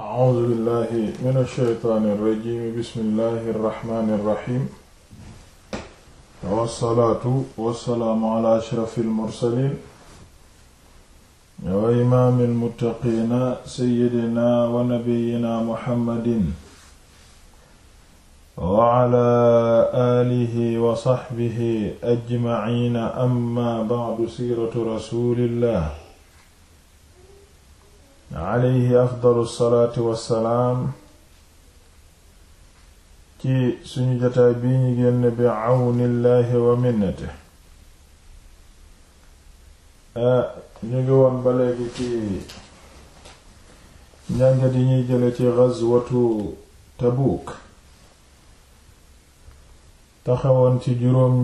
a'uuzu billahi mina shaytaani rajiim bismillahi rahmaani rahiim wassalaatu wassalaamu ala ashrafil mursaliin wa imaamil muttaqiina sayyidinaa wa nabiyyinaa muhammadin wa ala aalihi wa saxbihi ajmaciina amma ba'du siiratu rasuulillah alayhi afdalu salaatu wassalaam ci suñu jotaay bii ñu génn bi àwnillaahi wa minnati ah, ñu ngi woon ba léegi ci njàngat yi ñuy jële ci gazwatu Tabuuk taxawoon ci juróom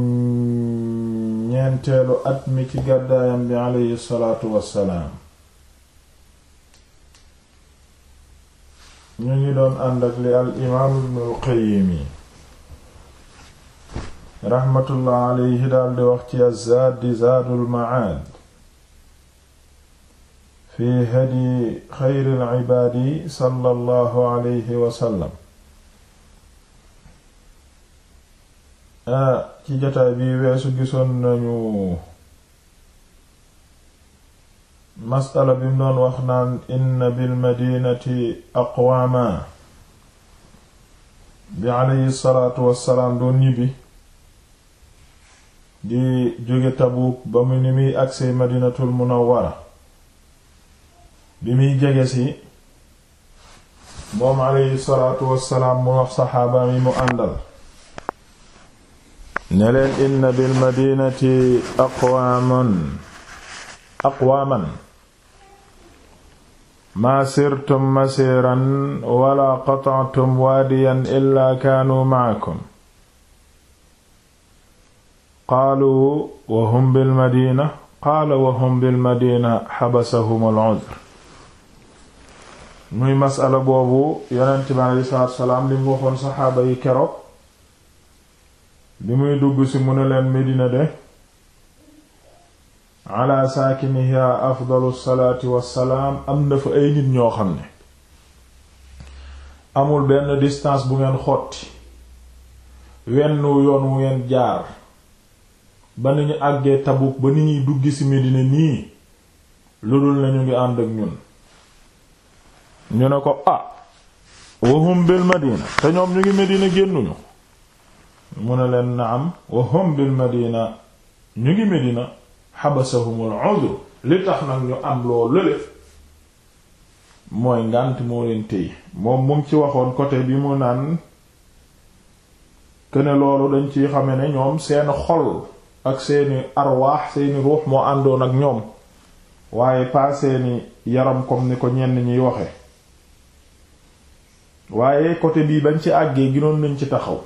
ñeenteelu at mi ci gàddaayam bi alayhi salaatu wassalaam ñu ngi doon ànd ak li al imaam ibnul qayyim yi raxmatullah daldi wax ci di zaadul macaad fi hadyi xayril cibaadi sallallahu alayhi wasallam ah, ci jotaay bi weesu gisoon nañu masala bi mu doon wax naan inna bilmadinati aqwaama bi aleyhi salaatu wassalaam doon ñibbi di jóge Tabuuk ba mu ni muy agsee madinatul munawwara bi muy jege si moom aleyhi salaatu wassalaam mu wax saxaaba mi mu àndal ne leen inna bilmadinati aqwaaman maa sirtum masiiran wala qata'tum waadiyan illaa kaanuu ma'akum qaalu wa hum bilmadina qaala wa hum bilmadina xabasahum al-uzr muy masala boobu yonent bi alayhi salaatu wasalaam li mu waxoon saxaaba yi keroog bi muy dugg ala saakiniha afdalu salaati wassalaam am na fa ay nit ñoo xam ne amul benn distance bu ngeen xotti wenn yoon wu ngeen jaar ba ni ñu àggee Tabuk ba ni ñuy dugg ci Medina nii lu dul nañu ngi ànd ak ñun ñu ne ko ah wahum bil te ñoom ñu ngi Medina génnuñu mu ne leen na am wahum bil ñu ngi Medina xabasahumul udhr li tax nag ñu am loo lële mooy ngànt moo leen tëy moom mu ngi ci waxoon côté bi mu naan këne loolu dañ ci xame ne ñoom seen xol ak seeni arwaax seeni ruux moo àndoon ak ñoom waaye pas seeni yaram comme ni ko ñenn ñuy waxe waaye côté bii bañ ci àggee ginoon lañ ci taxaw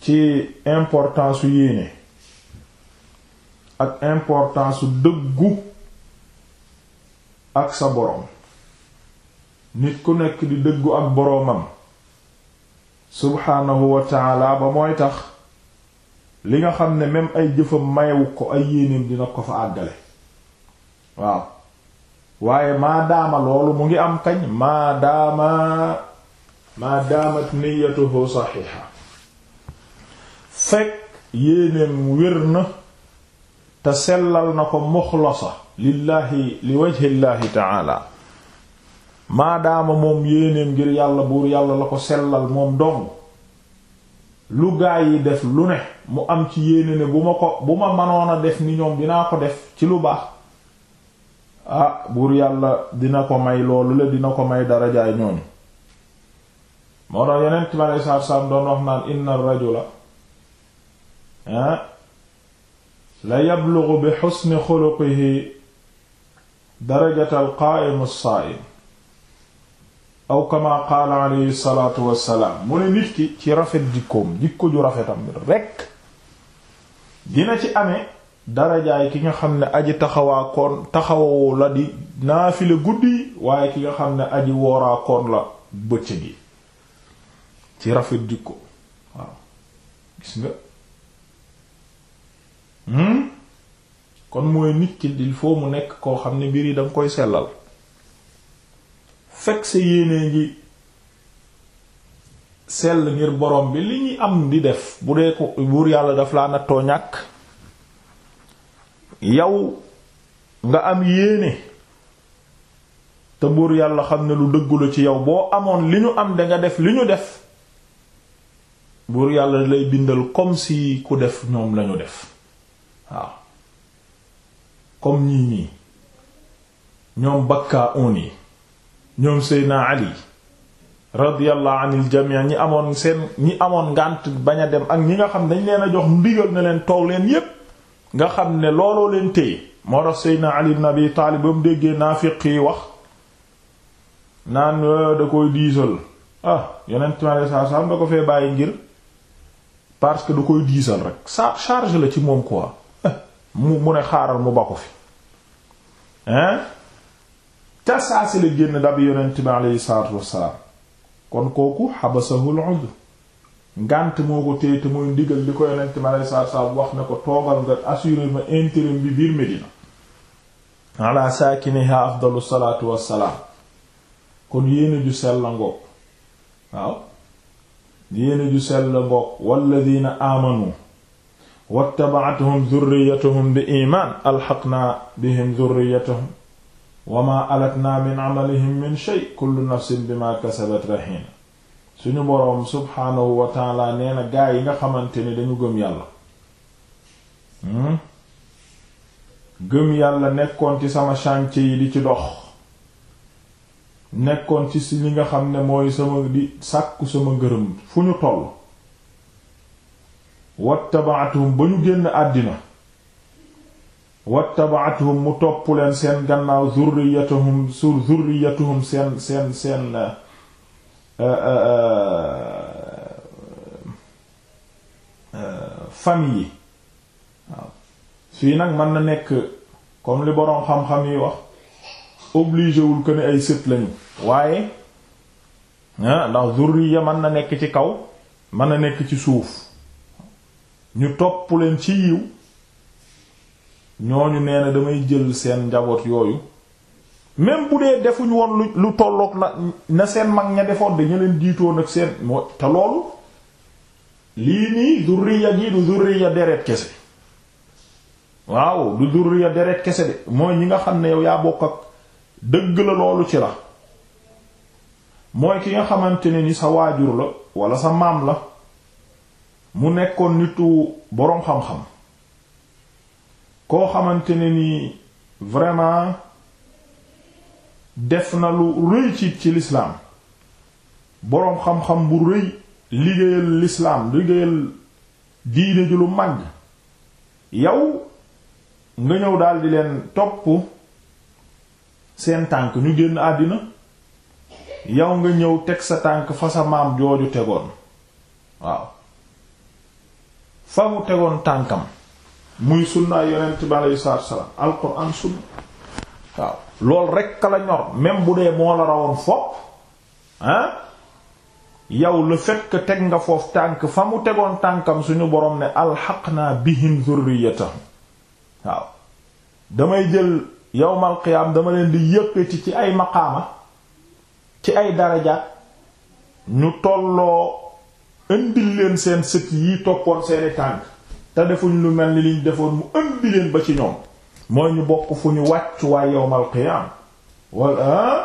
ci importance su yéene ak importance su dëggu ak sa boroom nit ku nekk di dëggu ak boroomam subhaanahu wa ba mooy tax li nga xam ne même ay jëfam mayewu ko ay yéenéem dina ko fa àggale waaw waaye maadaama loolu mu ngi am kañ maadaama maadaamat niyatuhu saxiixa fekk yéenéem wér na te sellal na ko muxlasa lillaahi li wajhillaahi taala maadaama moom yéenéem ngir yàlla buur yàlla la ko sellal moom dong lu gaa yi def lu ne mu am ci yéene bu ma ko bu ma mënoon a def ni ñoom dinaa ko def ci lu baax ah buur yàlla dina ko may loolu la dina ko may darajaay ñooñu moo tax yeneen ci ma lay saar saam doon wax naan inna rajula ah la yablugu bi xusni xuluqihi darajata alqaa'imu saa'im aw kama qaala alayhi salaatu wassalaam mu ne nit ki ci rafet jikkoom jikko ju rafetam rekk dina ci amee darajaay ki nga xam ne aji taxawaakoon taxawawu la di naafile guddi waaye ki nga xam ne aji wooraakoon la bëccëg gi ci rafet jikko waaw gis nga Hmm? kon mooy nit ki il faut mu nekk koo xam ne mbir yi danga koy sellal fekk sa yéenee ngi sell ngir borom bi li ñuy am di def bu dee ko buur yàlla daf laa nattoo ñàkk yow nga am yéene te buur yàlla xam ne lu dëggula ci yow boo amoon li ñu am da def li ñu def buur yàlla lay bindal comme si ku def ñoom lañu def waaw comme ñii ñoom bakkaa un yi ñoom Seydina Ali radiyallahu anil jamii ñi amoon seen ñi amoon ngànt bañ a dem ak ñi nga xam dañ leen a jox ndigal na leen toog leen yépp nga xam ne looloo leen téye moo tax Seydina Ali ibn Abi Taalib ba mu déggee naafiq yi wax naan eh, da koy diisal ah yeneen timale saa saa da ko fee bàyyi ngir parce que du koy diisal rek sa charge la ci moom quoi mu mu ne xaaral mu ba ko fi hein ca saa si la génn dab yonent bi aleyhi salaatu wassalaam kon kooku xabasahul udr ngànt moo ko téye te muy ndigal bi aleyhi salaatu wax ne ko toogal nga assuré ma intérim bi biir Medina ala saakiniha afdalu salaatu wassalaam kon yéene ju sell la ngoog waaw yéene ju sell la ngoog walladina amanu wattaba'athum dhurriyyatuhum bi iimaan alhaqnaa bihim dhurriyyatahum wa maa alatnaa min 'amalihim min shay kullu nafsin bimaa kasabat rahiina suñu boroom subhaanahu wa ta'aala nee gaa yi nga xamante ne dañu gëm yàlla hmm? gëm yàlla nekkoon ci sama chantier yi di ci dox nekkoon ci li nga xam ne mooy sama di sàkku sama ngërëm fu ñu toll wattabaathum ba ñu génn àddina wattabaathum mu topp seen gannaaw zurriyatuhum sur zurriyatuhum seen seen seen euh, euh, euh, famille yi waaw fii nag mën na nekk kom li boroom xam-xam yi wax obligé wul ko ne ay sët lañu waaye ah, ndax zurriya mën na nekk ci kaw mën na nekk ci suuf ñu topp leen ci yiw ñooñu nee na damay jël seen njaboot yooyu même bu dee defuñ woon lu tollook na na seen mag ña defoon dañu leen jiitoon ak seen moo te loolu lii nii zurriya gi du zurriya deret kese waaw du zurriya deret kese de mooy ñi nga xam ne yow yaa bokk ak dëgg la loolu ci la mooy ki nga xamante ne ni sa waajur la wala sa maam la mu nekkoon nitu boroom xam-xam koo xamante ne ni vraiment def na lu rëy ci lislaam boroom xam-xam bu rëy liggéeyal lislaam liggéeyal diine ju lu màgg yow nga ñëw daldi leen topp seen tànk ñu génn àddina yow nga ñëw teg sa tànk fa sa maam jooju tegoon waaw fa mu tegoon tànkam muy sunna yonent bi aleyhi salaatu salaam alquran sunna waaw loolu rekk la ñor même bu dee moo la rawoon fopp ah yow le fait teg nga foofu tànk fa mu tegoon tànkam suñu borom ne alxaqnaa bihim zurriyatahum waaw damay jël yawmal qiyaam dama leen di yëkkati ci ay maqaama ci ay darajaat ñu tolloo indil leen seen sit yi toppoon seeni tànk te defuñ lu mel ni liñ defoon mu indi leen ba ci ñoom mooy ñu bokk fu ñu wàcc waay yawmal qiyaam wala ah,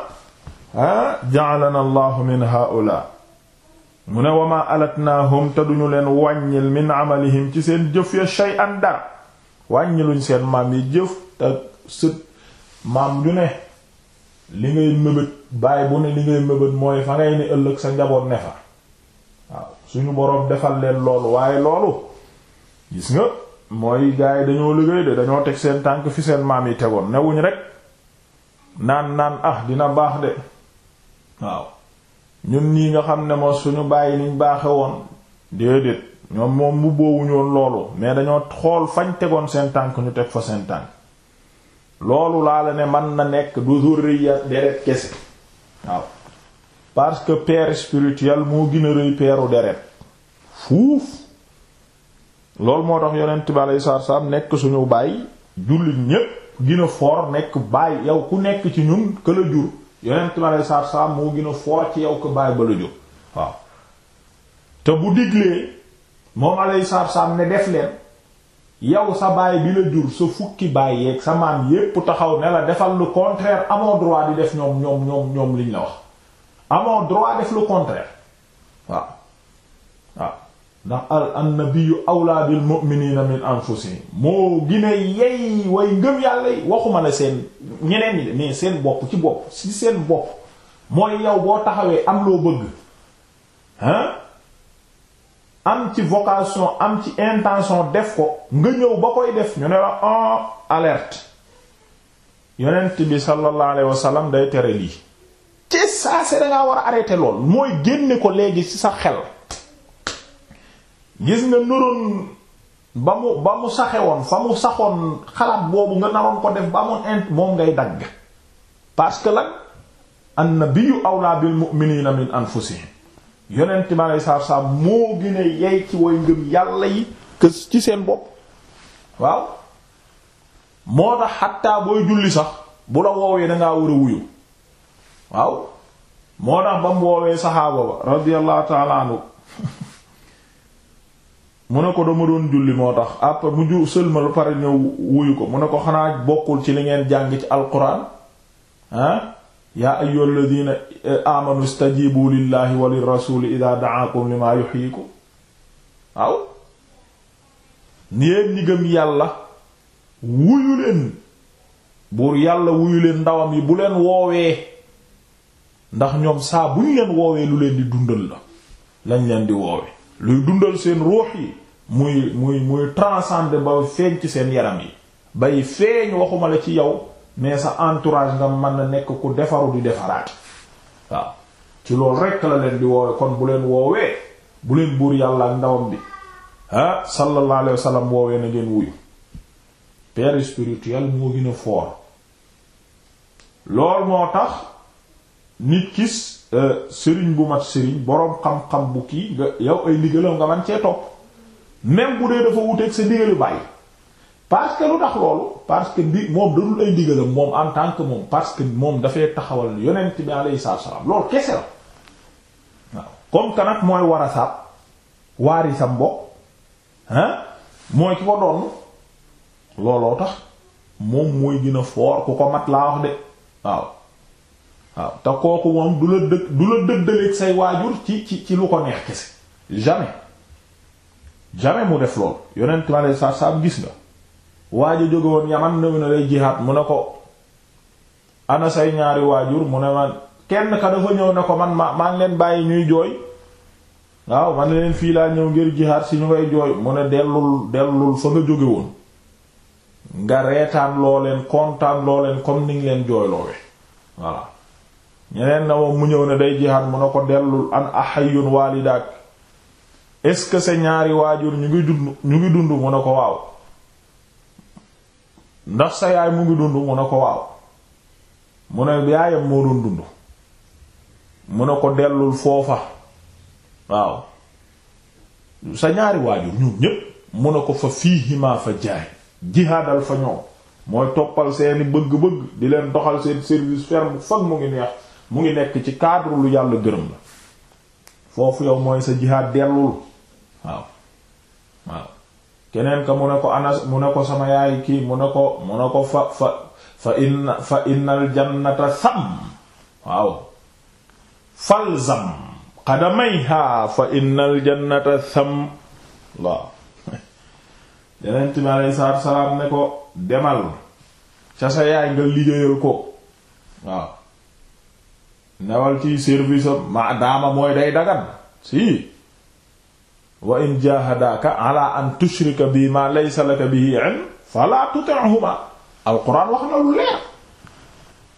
ah ja'alana allahu min haula mu ne wa maa alatnaahum te duñu leen wàññil min amalihim ci seen jëf ya shay'an dar wàññiluñ seen maam yi jëf te sët maam ju ne li ngay mëbët baay bu ne li ngay mëbët mooy fa ngay ne ëllëg sa njaboot ne fa suñu boroom defal leen loolu waaye loolu gis nga mooy gars yi dañoo liggéey de dañoo teg seen tànk fi seen maam yi tegoon newuñ rek naan naan ah dina baax de waaw ñun nii nga xam ne moo suñu bàyyi niñ baaxe woon déedéet ñoom moom mu boowuñu woon loolu mais dañoo xool fañ tegoon seen tànk ñu teg fa seen tànk loolu laala ne mën na nekk du zurriya deret kese waaw parce que père spirituel moo gën a rëy peeru deret fuuf loolu moo tax yonent bi aleyhi salaatu nekk suñu baay jullit ñépp gën a foor nekk baay yow ku nekk ci ñun que la jur yonent bi aleyhi salaatu moo gën a foor ci yow que baay ba la jur waaw te bu diglee moom aleyhi salaatu salaam ne def leen yow sa baay bi la jur sa fukki baay yeeg yépp taxaw ne la defal lu contraire amoo droit di def ñoom ñoom ñoom liñ la wax. amoo droit def lu contraire waaw waaw ndax al annabiyyu awlaa bil mu'minina min anfusihim moo gine yey way ngëm yàlla yi waxuma na seen ñeneen ñi de mais seen bopp ci bopp si seen bopp mooy yow boo taxawee am loo bëgg hein am ci vocation am ci intention def ko nga ñëw ba koy def ñu ne la en ah, alerte yonent bi sallallahu alayhi wasallam day tere lii ci saa se dangaa war a arrêté lool mooy génne ko léegi ci sa xel gis nga neurones ba mu ba mu saxe woon fa mu saxoon xalaat boobu nga naroon ko def ba amoon int moom ngay dagg parce que lan annabiyyu awlaa bil mu'minina min anfusihim yonent ma lay saaf saaf moo gën a yey ci way ngëm yàlla yi kës ci seen bopp waaw moo tax xattaa booy julli sax bu la woowee dangaa war a wuyu waaw moo tax ba mu woowee saxaaba ba radiyallahu ta'ala anhu mu ne ko dama doon julli moo tax après mu ju sëlma lu pare ñëw wuyu ko mu ne ko xanaa bokkul ci li ngeen jàng ci alquran ah yaa ayyuhal ladina eh, amanu stajibu lillahi wa lirrasuli ida da'akum waaw yéen ñi gëm yàlla wuyu leen buur yàlla wuyu leen ndawam yi bu leen woowee ndax ñoom saa bu ñu leen woowee lu leen di dundal la lañ leen di woowee luy dundal seen ruux yi muy muy muy transcender ba feeñ ci seen yaram yi bay feeñ waxuma la ci yow mais sa entourage nga mën na nekk ku defaru di defaraat waaw ci loolu rekk la leen di woowee kon bu leen woowee bu leen buur yàlla ak ndawam bi ah sallallahu alayhi wa sallam woowee na ngeen wuyu père spirituel moo gën a fort loolu moo tax nit gis euh, sëriñ bu mat sëriñ boroom xam-xam bu kii nga yow ay ndigalam nga man cee topp même bu dee dafa wuteeg sa ndigalu bàyyi parce lu tax loolu parce bi moom dadul ay ndigalam moom en tant que moom parce moom dafay taxawal yonent bi alayhi salaam loolu kese la waaw comme que mooy war a sab waari sa mbokk ah mooy ki ko doon looloo tax moom mooy gën a foor ku ko mat laa wax de waaw waaw te kooku moom du la dë du la dëddaleeg say waajur ci ci ci lu ko neex kese jamais jamais mu def lool yonent ma lay saab saab gis nga waaju jóge yaman nëw lay jihaat mu ne ko ana say ñaari waajur mu ne man kenn ka dafa ñëw ne ko man ma maa ngi leen bàyyi ñuy jooy ma man leen fii laa ñëw ngir jihaat si ñu ngay jooy mu ne dellul dellul fa nga jóge woon nga reetaan loo leen kontaan loo leen comme ni ngi leen jooy loowe voilà ñeneen na moom mu ñëw ne day jihaad mu ne ko dellul an ahayun waalidaak est-ce que sa ñaari waajur ñu ngi dund ñu ngi dund mu ne ko waaw ndax sa yaay mu ngi dund mu ne ko waaw mu ne yaayam moo doon dund mu ne ko dellul foofa waaw sa ñaari waajur ñu ñépp mu ne ko fa fiihimaa fa jaay jihaadal fa ñoom mooy toppal seeni bëgg-bëgg di leen doxal seen service ferme fag mu ngi neex mu ngi nekk ci cadre lu yàlla gërëm la foofu yow mooy sa jihaad dellul waaw waaw keneen ka mu ne ko anas mu ne ko sama yaay kii mu ne ko mu ne ko fa fa fa inna fa innal jannata sam waaw yeneen mi alei salaatu salaam ne ko demal ca sa yaay nga liggéeyal ko waaw newal ciy service ma daama mooy day dagan si wa in jahadaka ala an tushrika bi ma laysa laka bihi ilm fala tuti'huma alquran wax na lu leer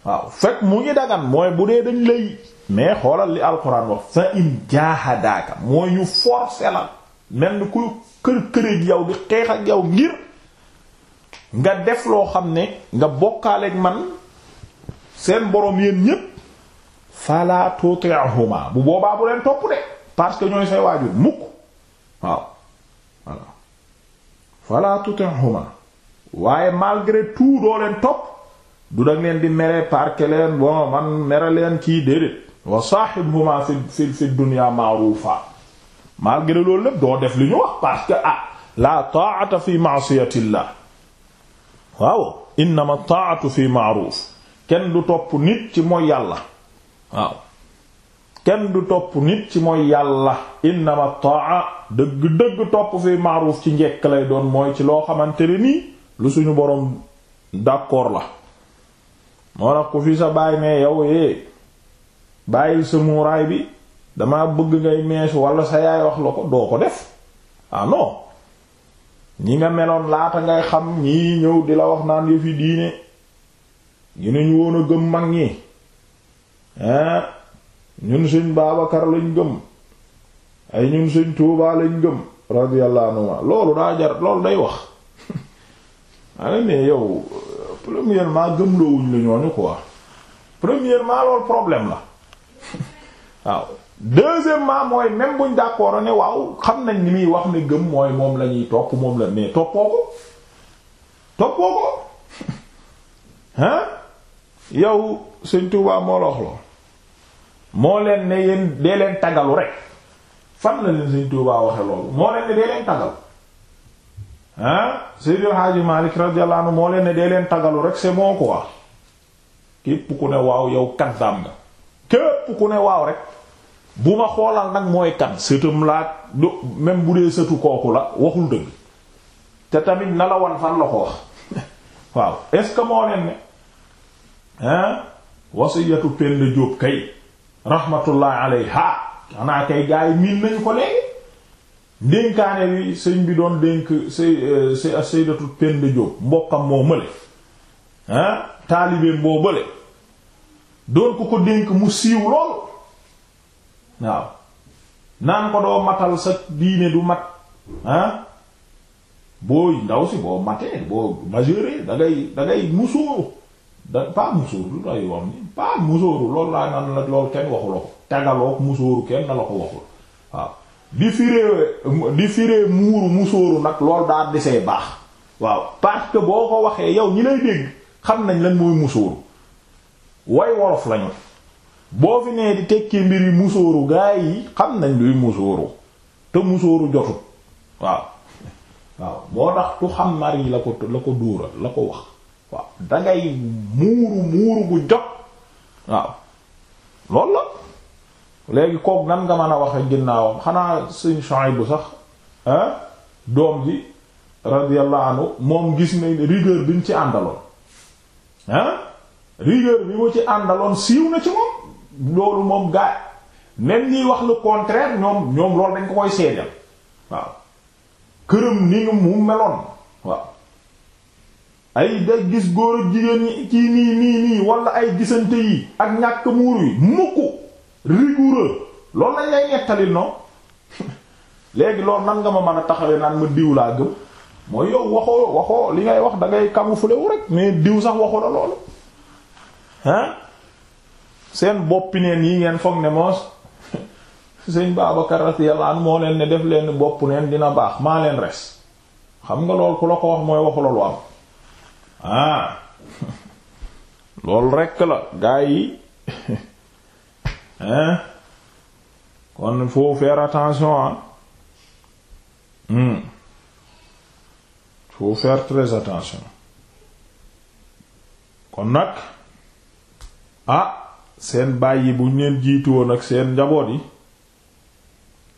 waaw fekk mu ngi dagan mooy bu dee dañ lay mais xoolal li alquran wax fa in jahadaka mooy ñu forcer la mel ni ku kër këreeg yow di xeex ak yow ngir nga def loo xam ne nga bokkaaleeg man seen borom yéen ñépp fala tuti'huma bu boobaa bu leen topp de parce que ñooy say waajur mukk waaw voilà fala waaye malgré tout doo leen topp du dag leen di mere parke leen bon man mere leen kii déedéet wa sahibhuma fi fi fi dunya ma'rufa malgré loolu lépp doo def li ñu wax parce que ah la ta'ata fi ma'siyatillah waaw innama ta'atu fi ma'ruf kenn du topp nit ci mooy yàlla waaw kenn du topp nit ci mooy yàlla innama taa dëgg-dëgg topp fi maaruuf ci njekk lay doon mooy ci loo xamante ne nii lu suñu boroom d'accord la moo tax ku fi sa baay ne yow eh bàyyil sa muuraay bi dama bëgg ngay mees wala sa yaay wax la ko doo ko def ah ñi nga meloon laata ngay xam ñii ñëw di la wax naan yëfi diine gi ne woon a gëm mag ñi Ah, ñun suñ Baabakar lañ gëm ay ñun suñ Tuubaa lañ gëm radiyallahu anhu loolu daa jar loolu day wax ane ne yow premièrement gëmloowuñ la ñooñu quoi premièrement loolu problème la waaw deuxièmement mooy même buñ d'accord ne waaw xam nañ ni muy wax ne gëm mooy moom la ñuy topp moom la mais toppoo ko toppoo ko hein yow sëñ Tuubaa moo la wax lool moo leen ne yéen dee leen tagalu rek fan la leen sëñ Tuubaa waxe loolu moo leen ne dee leen tagalu ah Seydil Hadji Malick radiyallahu anhu moo leen ne dee leen tagalu rek c'est bon quoi képp ku ne waaw yow kaddaam nga képp ku ne waaw rek bu ma xoolal nag mooy kan sëtam laa du même bu dee sëtu kooku la waxul dëgg te tamit na la wan fan la ko wax waaw est que moo leen ne ah wasiyatu Penda Jóob kay rahmatullah alayha xanaa kay gaa yi miin nañu ko léegi ndénkaane bi sëñ bi doon dénk say say sayyidatu Penda mbokkam moo mële ah taalibeem boo bële doon ko ko dénk mu siiw lool waaw naan ko doo matal sa diine du mat ah boo ndaw si boo matee boo majeure da ngay da da pas musóoru day musóoru loolu laa naan la loolu kenn waxu la ko musóoru kenn na la ko waxul waaw di firee di firee muuru musóoru nag loolu daal di see baax waaw parce que boo ko waxee yow ñi lay dégg xam nañ lan mooy musóoru way wolof lañu boo fi nee di tekki mbir yi musóoru gaa yi xam nañ luy musóoru te musóoru jotut waaw waaw moo tax tu xam mari la ko la ko dóora la ko wax waaw dangay muuru muuru gu jot waaw loolu la léegi kook nan nga mën a waxe ginnaawam xanaa suñ bu sax doom ji radiyallahu anhu moom gis nañ rigueur bi ñu ci àndaloon ah rigueur bi mu ci àndaloon siiw na ci moom loolu moom gaay même ñiy wax le contraire ñoom ñoom loolu dañ ko koy seedal waaw këram ni mu meloon waaw ay da gis góor ak jigéen ñi kii nii nii nii wala ay gisante yi ak ñàkk muur yi mukk rigoureux loolu lañ lay nettali non léegi loolu nan nga ma mën a taxawee naan ma diw laa gëm mooy yow waxoo waxoo li ngay wax dangay ngay camoufler wu rek mais diw sax waxu la loolu ah seen boppi neen yi ngeen foog ne moos sëñ Babacar radiyallahu anhu moo leen ne def leen bopp neen dina baax maa leen res xam nga lool ku la ko wax mooy waxu la lu am ah loolu rekk la gaa yi hein eh? kon il faut attention ah hmm faut faire attention kon nag ah seen bàyyi bu ñu leen jiitu woon ak seen njaboot yi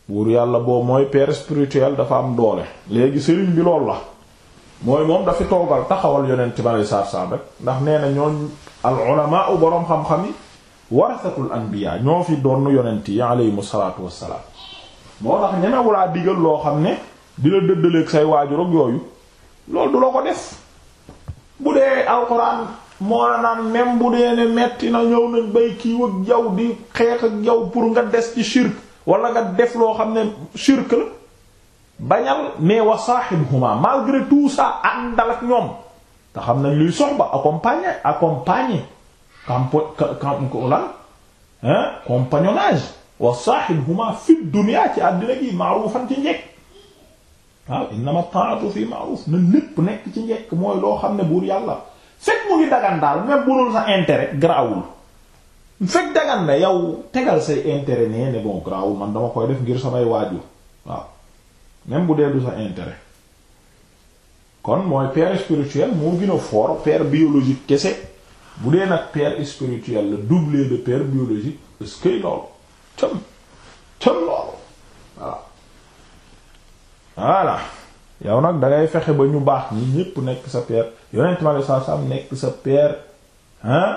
buur yàlla boobu mooy père spirituel dafa am doole léegi sëriñ bi lool la mooy moom dafa toogal taxawal yonent bi alei saatu salaam ndax nee na ñooñ al ulama u boroom xam-xam yi warasatul anbiya ñoo fi doon yonent yi aleyhim salaatu wassalaam moo tax ñemewulaa digal loo xam ne di la dëddaleeg say waajur ak yooyu loolu du la ko def bu dee alxuraan moo na naan même bu dee ne metti na ñëw nañ bay kiiw ak yow di xeex ak yow pour nga des ci shirk wala nga def loo xam ne shirk la bañal mais wa saaxibuhuma malgré tout ça àndal ak ñoom te xam nañ luy soxba accompagner accompagne campo campo lan hein compagnonnage wa saaxibuhuma fi dunya ci àddina gi ma'rufan ci njekk waaw innama ta'atu fi ma'ruf na lépp nekk ci njekk mooy loo xam ne buur yàlla fekk mu ngi dagan daal même bu dul sa intérêt garaawul fekk dagan na yow tegal say intérêt nee ne bon man dama koy def ngir samay waajur waaw même bu dee du sa intérêt kon mooy père spirituel moo gën a fort biologique kese bu dee nag per spirituel la doublé de père biologique est-ce que loolu cëm cëm loolu waaw voilà yow nag dangay fexe ba ñu baax ni ñépp nekk sa père yonent ma le saasam nekk sa père hein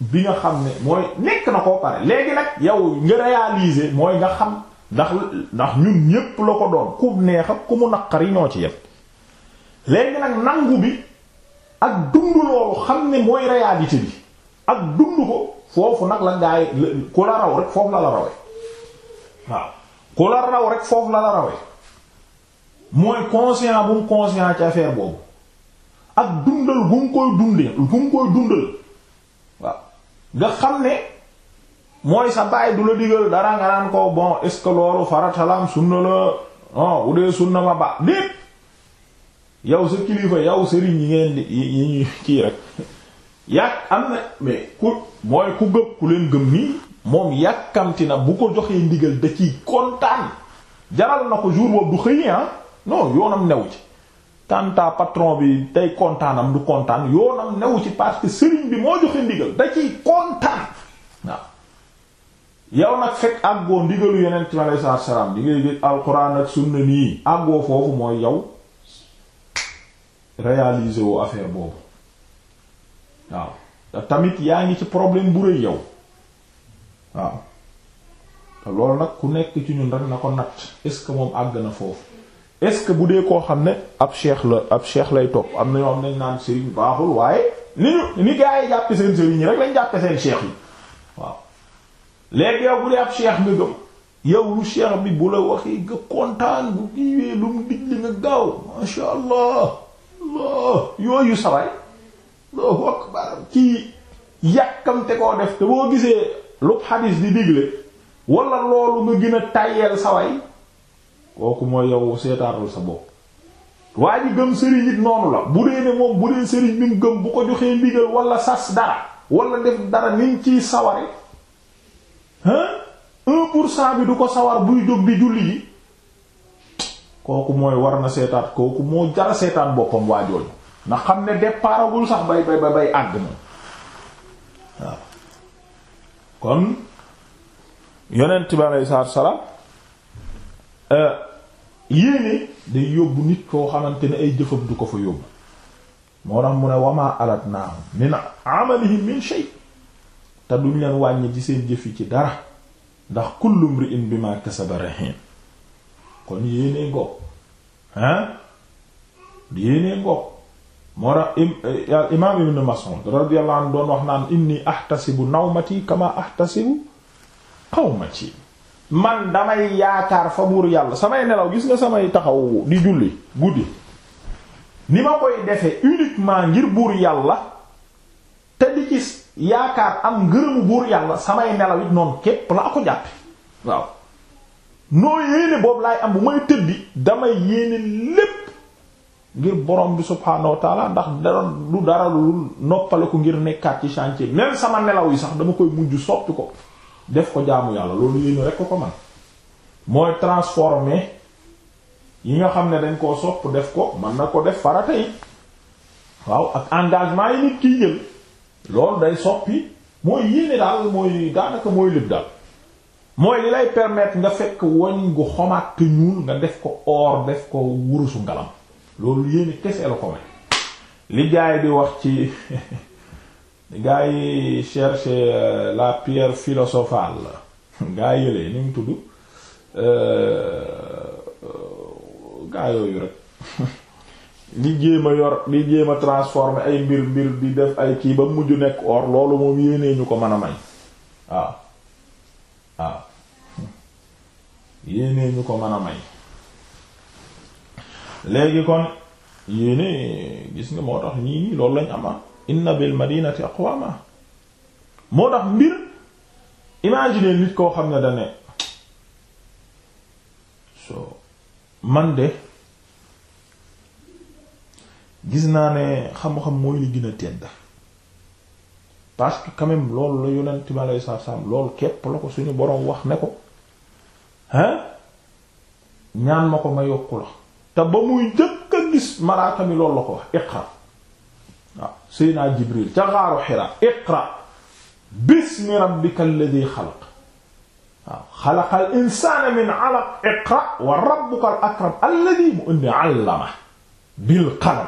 bi nga xam ne mooy nekk na koo pare léegi nag yow nga réaliser mooy nga xam ndax ndax ñun ñépp la ko doon ku neex ak ku mu naqari ñoo ci yem léegi nag nangu bi ak dund loolu xam ne mooy réalité bi ak dund ko foofu nag la ngaay ku la raw rek foofu la la rawe waaw ku la raw rek foofu la la rawe mooy conscient bu mu conscient ci boobu ak dundal bu koy dundee bu koy dundal waaw nga xam ne mooy sa baay du la digal dara nga naan ko bon est ce que loolu faratalaam sunna la non bu sunna ma ba déet yow sa kilifa yow sëriñ yi ngeen yi ñu kii rek yàgg am na mais ku mooy ku gëb ku leen gëm nii moom yàkkamti na bu ko joxee ndigal da ciy kontaan jaral na ko jour boobu du xëy ah non yoonam new du kontaan yoonam new ci parce que sëriñ bi moo joxe ndigal da ciy kontaan yow nag fekk àggoo ndigalu yeneen ci aleyhi salaatu salaam di ngay gis alxuraan ak sunna nii àggoo foofu mooy yow réaliser wu affaire boobu waaw te tamit yaa ngi ci problème bu rëy yow waaw te loolu nag ku nekk ci ñun rek na ko natt est-ce que moom àgg na foofu est-ce que bu dee koo xam ne ab cheikh la ab cheikh lay topp am na ñoo xam ne ñu naan sëriñ baaxul waaye ni ñu ni gaa yi jàppe seen sëriñ yi rek lañ jàppe seen cheikh yi. léegi yow bu dee ab cheikh nga gëm yow lu cheikh bi bu la waxee nga kontaan bu kiiwee lu mu dig li nga gaaw masha allah allah yooyu sabay Allahu akbar kii yàkkamte koo def te boo gisee lu xadis di digle wala loolu nga gin a tàyyeel saway kooku mooy yow seetaatul sa bopp waa ji gëm sëriñ it noonu la bu dee ne moom bu dee sëriñ bi mu gëm bu ko joxee ndigal walla sas dara wala def dara niñ ciy saware un pour cent du ko sawar buy jóg di julli ji kooku mooy war na seetaat kooku moo jara seetaan boppam waa waajool na xam ne déparagul sax bay bay bay àgg moom waaw kon yonent bi aleyhi salaatu salaam euh, yéene day yóbbu nit koo xamante ni ay jëfam du ko fa yóbbu moo tax mu ne wamaa alatnaahum min amalihim min shay te duñ leen wàññi ci seen jëf yi ci dara ndax kullu mri'in bima kasaba rahin kon yéenee ngoog ah yéenee ngoog moo tax imaam ibn Mas'ud radiyallahu anhu doon wax naan inni ahtasibu nawmati kama ahtasibu qawmati man damay yaakaar fa buur yàlla samay nelaw gis nga samay taxaw di julli guddi ni ma koy defe uniquement ngir buur yàlla te di ci yaakaar am ngërëmu buur yàlla samay nelaw it noonu képp laa ko jàppe waaw noo yéene boobu laay am bu may tëddi damay yéene lépp ngir boroom bi subhaanahu wa ndax dara du dara lu noppale ko ngir nekkaat ci chantier même sama nelaw yi sax dama koy mujj soppi ko def ko jaamu yàlla loolu yéene rek ko ko man mooy transformer yi nga xam ne dañ koo sopp def ko mën na ko def farata yi waaw ak engagement yi nit kiy jël loolu day soppi mooy yéene daal mooy daanaka mooy lépp daal mooy li lay permettre nga fekk woñ gu xomaat te ñuul nga def ko or def ko wurusu ngalam loolu yéene kese la ko may li gaay di wax ci gaay yi chercher euh, la pierre philosophale gaay yëlee ni mu tudd euh, euh, gaayooyu rek di jéem a yor di jéem a ay mbir mbir di def ay kii ba mujj nekk or loolu moom yéenee ñu ko mën a may waaw waaw yéenee ñu ko mën a may léegi kon yéenee gis nga moo tax ñii nii loolu lañ ama ah. inna bil madinati aqwama moo tax mbir imagine nit koo xam ne dane so man de gis naa ne xam-xam mooy li gën a parce que quand même loolu la yonent bi aleyhi salaatu salaam loolu képp la ko suñu boroom wax ne ko hein ñaan ma ko ma yokku la te ba muy jëkk a gis malaaka loolu la ko wax iqra waaw Seydina Jibril ca xaaru Hira iqra bismi rabbika alladhi xalaq waaw mu indi allama bil qalam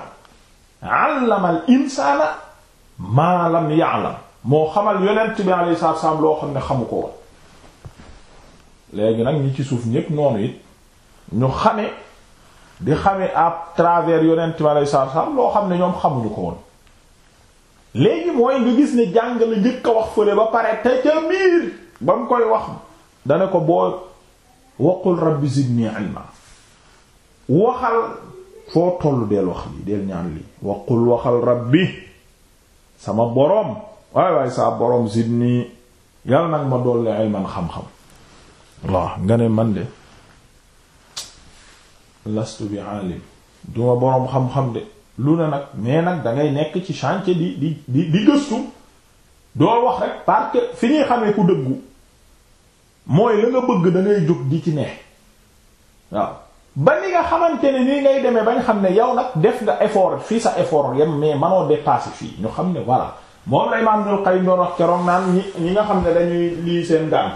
allama al insaana maa lam ya'lam moo xamal yonent bi alayhi salaatu salaam loo xam ne xamu ko woon léegi nag ñi ci suuf ñépp noonu it ñu xame di xame à travers yonent bi alayhi salaatu salaam loo xam ne ñoom xamuñu ko woon léegi mooy nga gis ne jàng la njëkk a wax fële ba pare te ca miir ba mu koy wax dana ko boo waqul rabbi zidni ilma waxal foo tollu del wax lii del ñaan lii waqul waxal rabbi sama boroom waay waay saa boroom zidni yàlla nag ma dolli ilman xam-xam waaw nga ne man de lastu bi alim duma boroom xam-xam de lu ne nag mais nag dangay nekk ci chantier di di di di gëstu doo wax rek parce fi ñuy xamee ku dëggu mooy la nga bëgg da jóg di ci ne waaw ba ni nga xamante ne nii ngay demee bañ xam ne yow nag def nga effort fii sa effort yem mais manoo dépasser fii ñu xam ne voilà moom la imaam Ibnul Qayyim doon wax naan ñi ñi nga xam ne dañuy lii seen gànt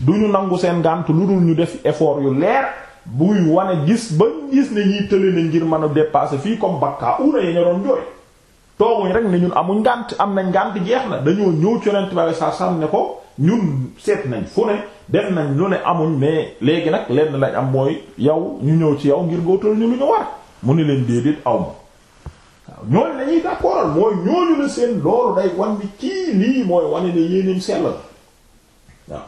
du ñu nangu seen ngant lu dul ñu def effort yu leer buy wane gis ba gis ne ñiy tële na ngir mën a dépasser fii comme bakka una ya ña doon jooy tooguñ rek ne ñun amuñ gànt am nañ ngant jeex na dañoo ñëw ci Yonent bi sallallahu ne ko ñun seet nañ fu ne def nañ lu ne amuñ mais léegi nag lenn lañ am mooy yow ñu ñëw ci yow ngir góotal ñu lu ñu war mu ne leen déedéet aw ma waaw ñooñu lañuy seen loolu day wan bi kii lii mooy wane ne yéenim sell la waaw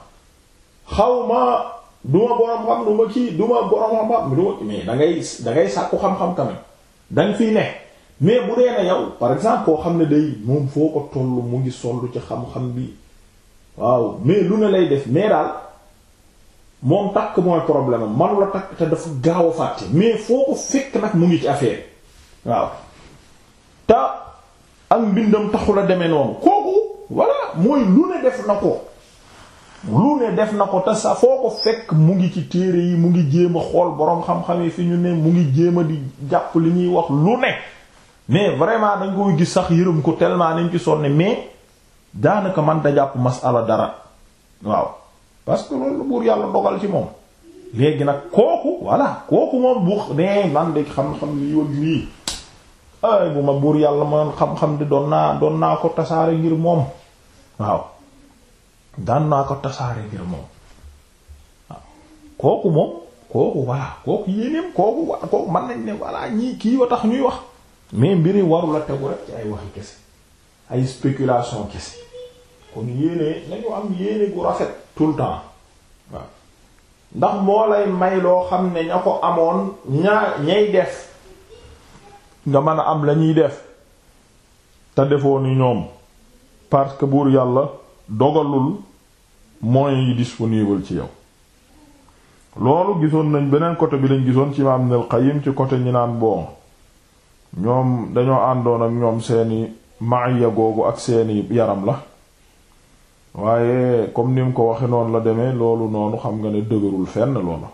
xaw ma duma borom xam du kii duma borom xam-xam du mais da ngay da ngay sàkku xam-xam quand même danga ne mais bu dee na yow par exemple koo xam ne day moom foo ko tollu mu ngi sollu ci xam-xam bi waaw mais lu ne lay def mais daal moom takk mooy problème am manu la takk te dafa gaaw a fàtte mais foo ko fekk nag mu ngi ci affaire waaw te ak mbindam taxul a demee noonu kooku voilà mooy lu ne def na ko lu ne def na ko te sa foo ko fekk mu ngi ci téere yi mu ngi jéem a xool boroom xam-xam yi fi ñu ne mu ngi jéem a di jàpp li ñuy wax lu ne mais vraiment dañ koy gis sax yërëm ko tellement nañ ci sonne mais. daanaka man da jàpp masala dara waaw parce que loolu buur yàlla dogal ci moom léegi nag kooku voilà kooku moom bu nee man de xam-xam li yoon nii ay bu ma buur yàlla man xam-xam di doon naa doon naa ko tasaare ngir moom waaw daan naa ko tasaare ngir moom kooku moom kooku voilà kooku yéenéem kooku wa kooku mën nañ ne voilà ñii kii wa tax ñuy wax mais mbiri warula tegu rek ci ay waxi kese ay spéculation kese kon yéene nañu am yéene gu rafet tout le temps waaw ndax moo lay may loo xam ne ña ko amoon ñaa ñay def nga mën a am la ñuy def te defoo ni ñoom parce que buur yàlla dogalul moyens yi disponible ci yow loolu gisoon nañ beneen côté bi lañ gisoon ci imaam Ibnul Qayyim ci côté ñi naan bon ñoom dañoo àndoon ak ñoom seeni maaya googu ak seeni yaram la waaye comme ni mu ko waxe noonu la demee loolu noonu xam nga ne dëgërul fenn loolu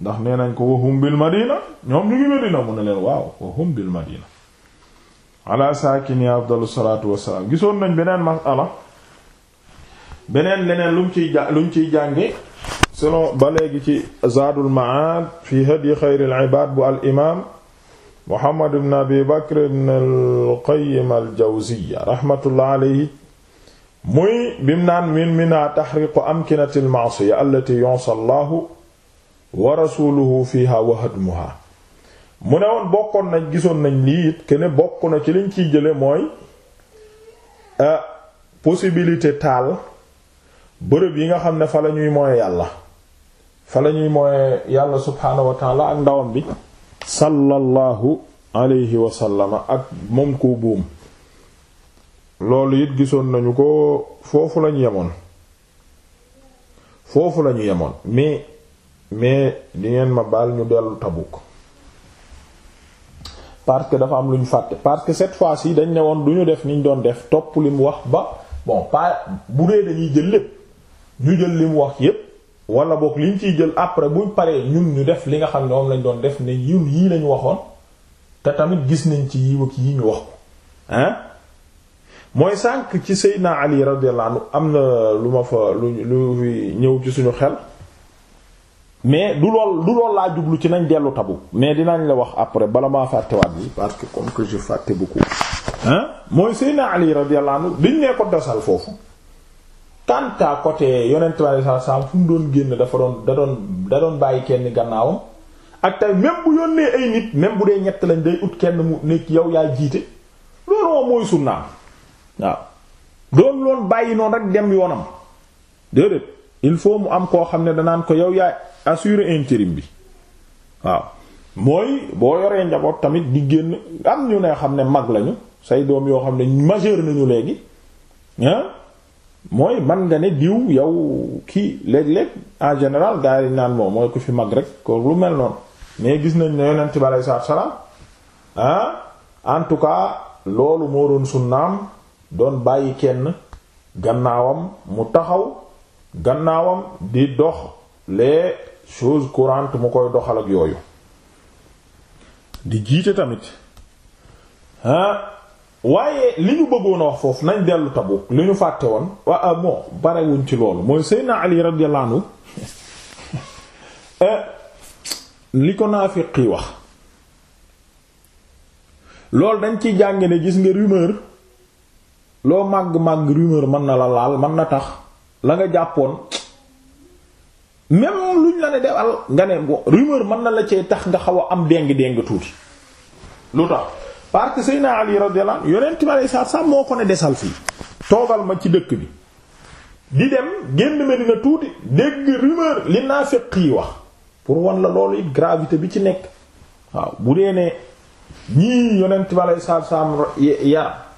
ndax nee nañ ko wahum bil madina ñoom ñu mu ne leen waaw wahum bil madina ala saakini afdalu salaatu wassalaam gisoon nañ beneen masala beneen leneen lu mu ciy ja lu ba léegi ci zaadul maad fi hadyi xayril ibaad bu al imaam muhammad ibn abi bakr ibn al qayyim al jawziya rahmatullah alayhi muy bim naan min mina taxriqu amkinati almaasiya allati yonsa allahu wa rasuluhu fiha wa hadmuha mu ne woon bokkoon nañ gisoon nañ lii it ke ne na ci liñ ciy jële mooy possibilité taal bërëb yi nga xam ne fa la ñuy mooye yàlla fa la ñuy mooye yàlla subhaanahu wa ak ndawam bi sallallahu alayhi wa sallama ak moom ko buum loolu it gisoon nañu ko foofu lañu yemoon foofu lañu yemoon mais mais di ngeen ma baal ñu dellu Tabuk parce que dafa am lu ñu fàtte parce que cette fois yi dañ ne woon du ñu def ni doon def topp li mu wax ba bon pas bu dee dañuy jël lépp ñu jël li mu wax yépp wala boog liñ ciy jël après buñ paree ñun ñu def li nga xam ne moom lañ doon def ne ñun yii lañu waxoon te tamit gis nañ ci yiw yi ñu wax ko hein mooy sànq ci Seydina Ali radiyallahu anhu am na lu ma fa lu lu ñëw ci suñu xel mais du lool du lool laa jublu ci nañ dellu tabu mais dinañ la wax après bala maa fàttewaat bi parce que comme que je fàtte beaucoup hein mooy Seydina Ali radiyallahu anhu dañ nee ko dasal foofu tanta côté yonent bi saa saam fu mu doon génn dafa doon da doon da doon bàyyi kenn gannaawam ak tey même bu yónnee ay nit même bu dee ñett lañ day ut kenn mu nekk yow yaa jiite loolu moom mooy waaw doon loon bàyyi noonu rek dem yoonam déedéet il faut mu am koo xam ne danaan ko yow yaay assurer intérim bi waaw mooy boo yoree njaboot tamit di génn am ñu ne xam ne mag lañu say doom yoo xam ne majeur nañu léegi mooy man nga ne diw yow kii léeg-léeg en général gars naan moom mooy ku fi mag rek kook lu mel noonu mais gis nañ ne yonent bi aleyhi salaatu wa salaam en tout cas loolu moo doon sunnaam doon bàyyi kenn gannaawam mu taxaw gannaawam di dox les choses courantes mu koy doxal ak yooyu di jiite tamit ah waaye li ñu bëggoon a wax foofu nañ dellu Tabuk li ñu fàtte woon wa ah, bon barewuñ ci loolu mooy Seydina Ali radiyallahu anhu eh, li ko naafiq wax loolu dañ ciy jàng ne gis nga rumeur loo màgg-màgg rumeur mën na la laal mën na tax la nga jàppoon même luñ la ne defal nga ne rumeur mën na la cee tax nga xaw a am déng-déng tuuti lu tax parce que Seydina Ali radiyallahu anhu yonent bi saa sax moo ko ne desal fii toogal ma ci dëkk bi di dem génn Medina tuuti dégg rumeur li naa fekk yi wax pour won la loolu it gravité bi ci nekk waaw bu dee ne ñii yonent bi saa saam yar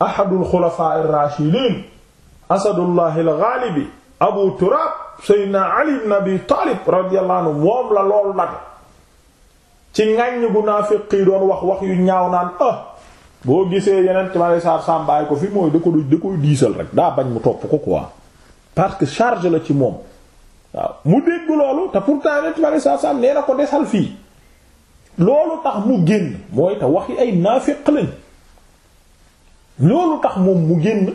ahadul xulafaa ar-raashidin asadullahi al-ghaalibi abu turaab seydina ali ibn abi taalib radiyallahu anhu moom la lool nag ci ŋàññ gu naafiqi doon wax wax yu ñaaw naan ah, boo gisee yeneen ci ma lay sàmbaay ko fi mooy da ko da koy diisal rek daa bañ mu topp ko quoi parce que charge la ci moom waaw mu dégg loolu te pourtant yeneen sàmbaay nee na ko desal fii loolu tax mu génn mooy te waxi ay naafiq lañ loolu tax moom mu génn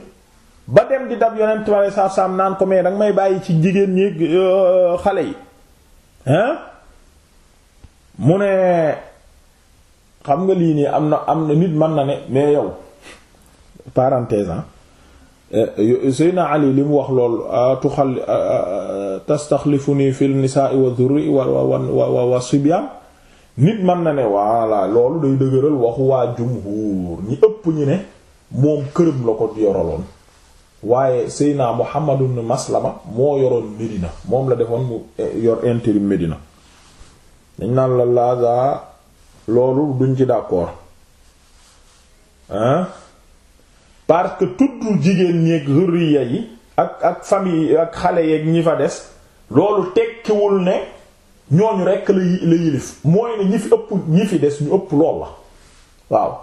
ba dem di dab yonent bi aleyhi salaatu salaam naan ko mais danga may bàyyi ci jigéen ñi euh, xale yi hein mu ne xam nga lii nii am na am na nit man na ne mais yow parenthèse euh, Seydina Ali li mu wax lool tuxal euh, tastaxlifuni fil nisaa wa dhurri wa wa wa sibyaan nit mën na ne voilà loolu day dëgëral waxu waa jumhuur ñi ëpp ñi ne moom këram la ko yoraloon waaye Seydina Muhammad ibn Maslama moo yoroon Medina moom la defoon mu eh, yor intérim Medina dañ naan la laazaa loolu duñ ci d'accord hein parce que tudd jigéen ñi ak zurriya yi ak ak famille ak xale yeeg ñi fa des loolu tekkiwul ne ñooñu rekk la yilif mooy ne ñi fi ëpp ñi fi des ñu ëpp lool la waaw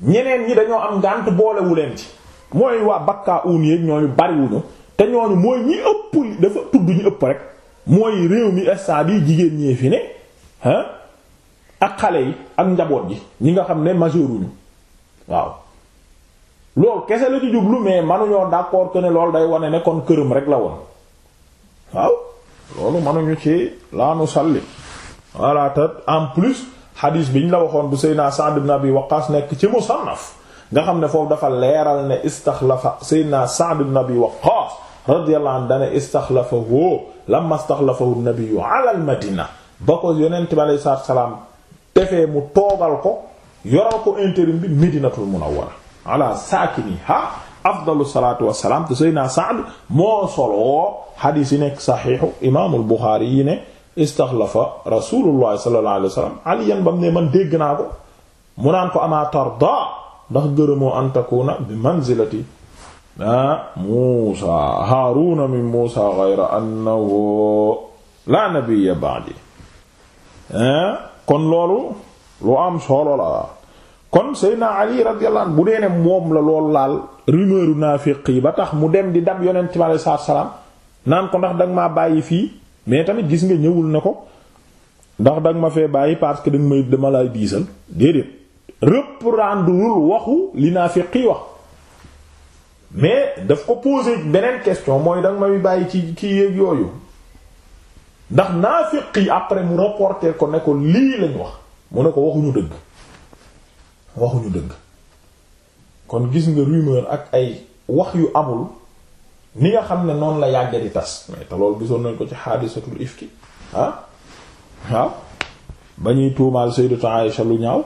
ñeneen ñi dañoo am ngànt boolewu leen ci mooy waa bakkaa uun yéeg ñooñu bariwuñu te ñooñu mooy ñi ëpp dafa tudd ñu ëpp rek mooy réew mi instant bi jigéen ñee fi ne hein ak xale yi ak njaboot ji ñi nga xam ne majeur wuñu waaw loolu kese la ci jublu mais manuñoo d'accord que ne loolu day wane ne kon këram rek la woon waaw loolu manuñu ci laanu salli voilà te en plus xadiis bi ñu la waxoon bu Seydina Sa'd ibn bi Waqqas nekk ci musannaf nga xam ne foofu dafa leeral ne istaxlafa Seydina Sa'd ibn Abi Waqqas radiyallahu anhu dane istaxlafahu lamma istaxlafahu nabiyyu ala al-madina ba ko yonent bi alayhi salaatu salaam defee mu toogal ko yoral ko intérim bi Madinatul Munawwara ala saakiniha afdalu salaatu wassalaam te Seydina Sa'd moo soloo xadiis yi nekk saxiixu imaamul Buxaari yi ne istaxlafa rasulullah sallallahu alayhi wasallam aliyan bam ne man dégg naa ko mu naan ko ama tarda ndax gërëmoo an takuna bi manzilati ah Muusa Haaruna min Muusa ghayra annahu la nabiyya ba'di ah, kon loolu lu am solo la kon Seydina Ali radiyallahu anhu bu dee ne moom la loolu laal rumeur naafiq yi ba tax mu dem di dab yonent bi alayhi salaam naan ko ndax danga maa bàyyi fii. mais tamit gis nga ñëwul na ko ndax danga ma fee bàyyi parce que danga may dama lay diisal déedéet reprendrewul waxu li naa fiqi wax mais daf ko poser beneen question mooy danga may bàyyi ci ci yéeg yooyu ndax naa fiqi après mu rapporter ko ne ko lii lañ wax mu ne ko waxuñu dëgg waxuñu dëgg kon gis nga rumeur ak ay wax yu amul ni nga xam ne noonu la yàgg di tas mais te loolu gisoon nañ ko ci xaadisatul ifki ah waaw ba ñuy tuumaal sayyidatu Aisha lu ñaaw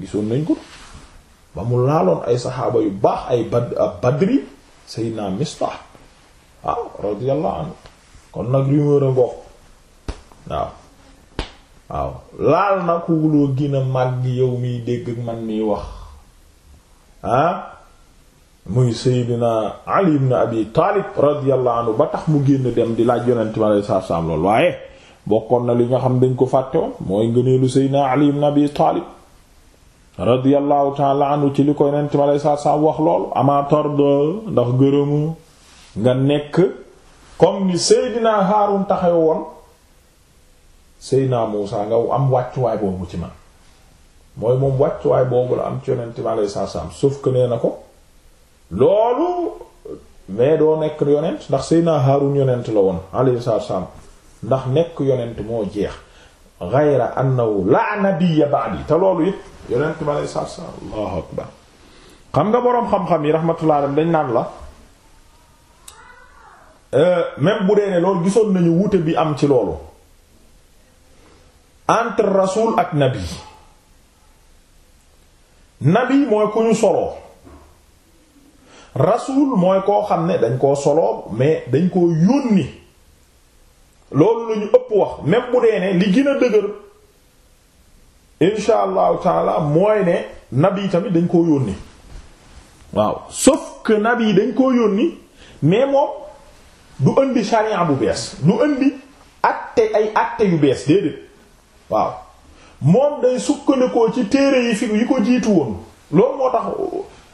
gisoon nañ ko ba mu laaloon ay saxaaba yu baax ay bad ah, badri naa Mistah waaw radiyallahu anhu kon nag rumeur a ngoog waaw waaw laal na ku loo gën a yow miy dégg ak man miy wax ah? muy Seydina Ali ibn Abi Taalib radiyallahu ba tax mu génn dem di laaj yonent mi alayhi salaatu salaam lool waaye bokkoon na li nga xam dañ ko fàtte woon mooy ngëneelu Seydina Ali ibn ci li ko yonent mi alayhi lool ama tarda ndax gërëmu nga nekk kom ni Seydina Haarun taxaw woon Seydina Muusa nga am wàccuwaay boobu ci man mooy la am ci yonent mi alayhi salaatu salaam sauf que nee na ko loolu mais doo nekk yonent ndax Seydina Haarun yonent la woon alayhi salaam ndax nekk yonent moo jeex ghayra annahu la nabiyya ba'di te loolu it yonent bi alayhi salaam allahu akbar xam nga boroom xam-xam yi rahmatullah dañ naan la euh, même bu dee ne loolu gisoon nañu wuute bi am ci loolu entre rasul ak nabi nabi mooy ku ñu soloo rasul mooy koo xam ne dañ koo soloo mais dañ koo yónni loolu lañu ëpp wax même bu dee ne li gën a dëgër insha allahu taala mooy ne yi tamit dañ koo yónni waaw sauf que nabi dañ koo yónni mais moom du indi charia bu bees du indi atte ay atte yu bees déedéet waaw moom day sukkandikoo ci téere yi fi yi ko jiitu woon loolu moo tax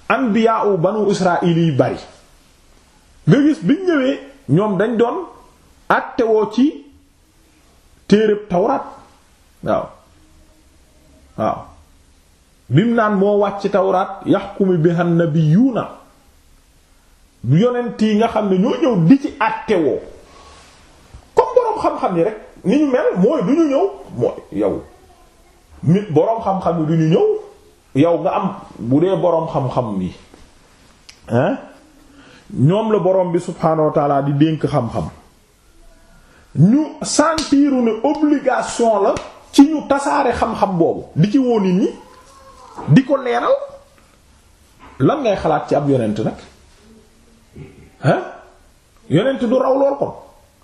anbiyaa u banu israil yi bari nga gis biñ ñëwee ñoom dañ doon àttewoo ci téereeb tawraat waaw waaw bim naan moo wàcc tawraat yaxkumu biha nabiyuuna bu yonent yi nga xam ne ñoo ñëw di ci àttewoo comme boroom xam-xam yi rek ni ñu mel mooy du ñu ñëw mooy yow mi boroom xam-xam yi du ñu ñëw yow nga am bu dee boroom xam-xam yi hein ñoom la boroom bi subhaanahu wa taala di dénk xam-xam ñu sentiru ne obligation la ci ñu tasaare xam-xam boobu di ci woo nit nii di ko leeral lan ngay xalaat ci ab yonent nag hein yonent du raw lool kon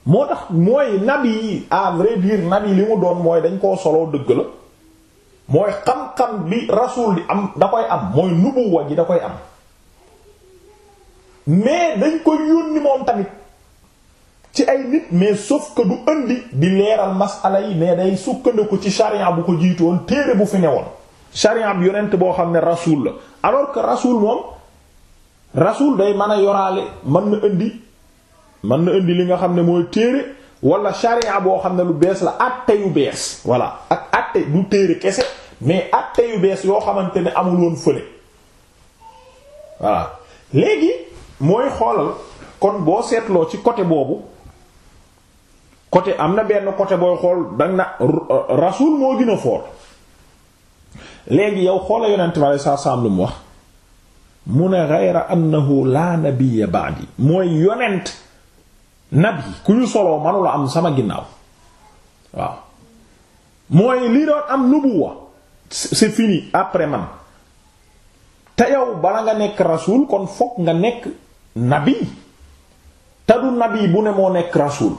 moo tax mooy nabi yi à vrai dire nabi li mu doon mooy dañ koo soloo dëgg la mooy xam-xam bi rasul di am da koy am mooy nubuwa ji da koy am mais dañ koy yónni moom tamit ci ay nit mais sauf que du indi di leeral masala yi mais day sukkandiku ci sharia bu ko jiitu téere bu fi ne woon sharia bi yonent boo xam ne rasul la alors que rasul moom rasul day mën a yoraale mën na indi mën na indi li nga xam ne mooy téere wala charia boo xam ne lu bees la atte yu bees voilà ak atte du téere kese mais atte yu bees yoo xamante ne amul woon fële voilà léegi mooy xoolal kon boo seetloo ci côté boobu côté am na benn côté booy xool dang na rasul moo gën a léegi yow xoola yonent bi alei saat salaam lu mu wax mu ne ghayra annahu la nabiyya ba'di mooy yonent nab yi ku ñu soloo manula am sama ginnaaw waaw mooy li doon am nubuwa c'est fini après man te yow bala nga nekk rasul kon fokk nga nekk nabi te du nabi bu ne moo nekk rasul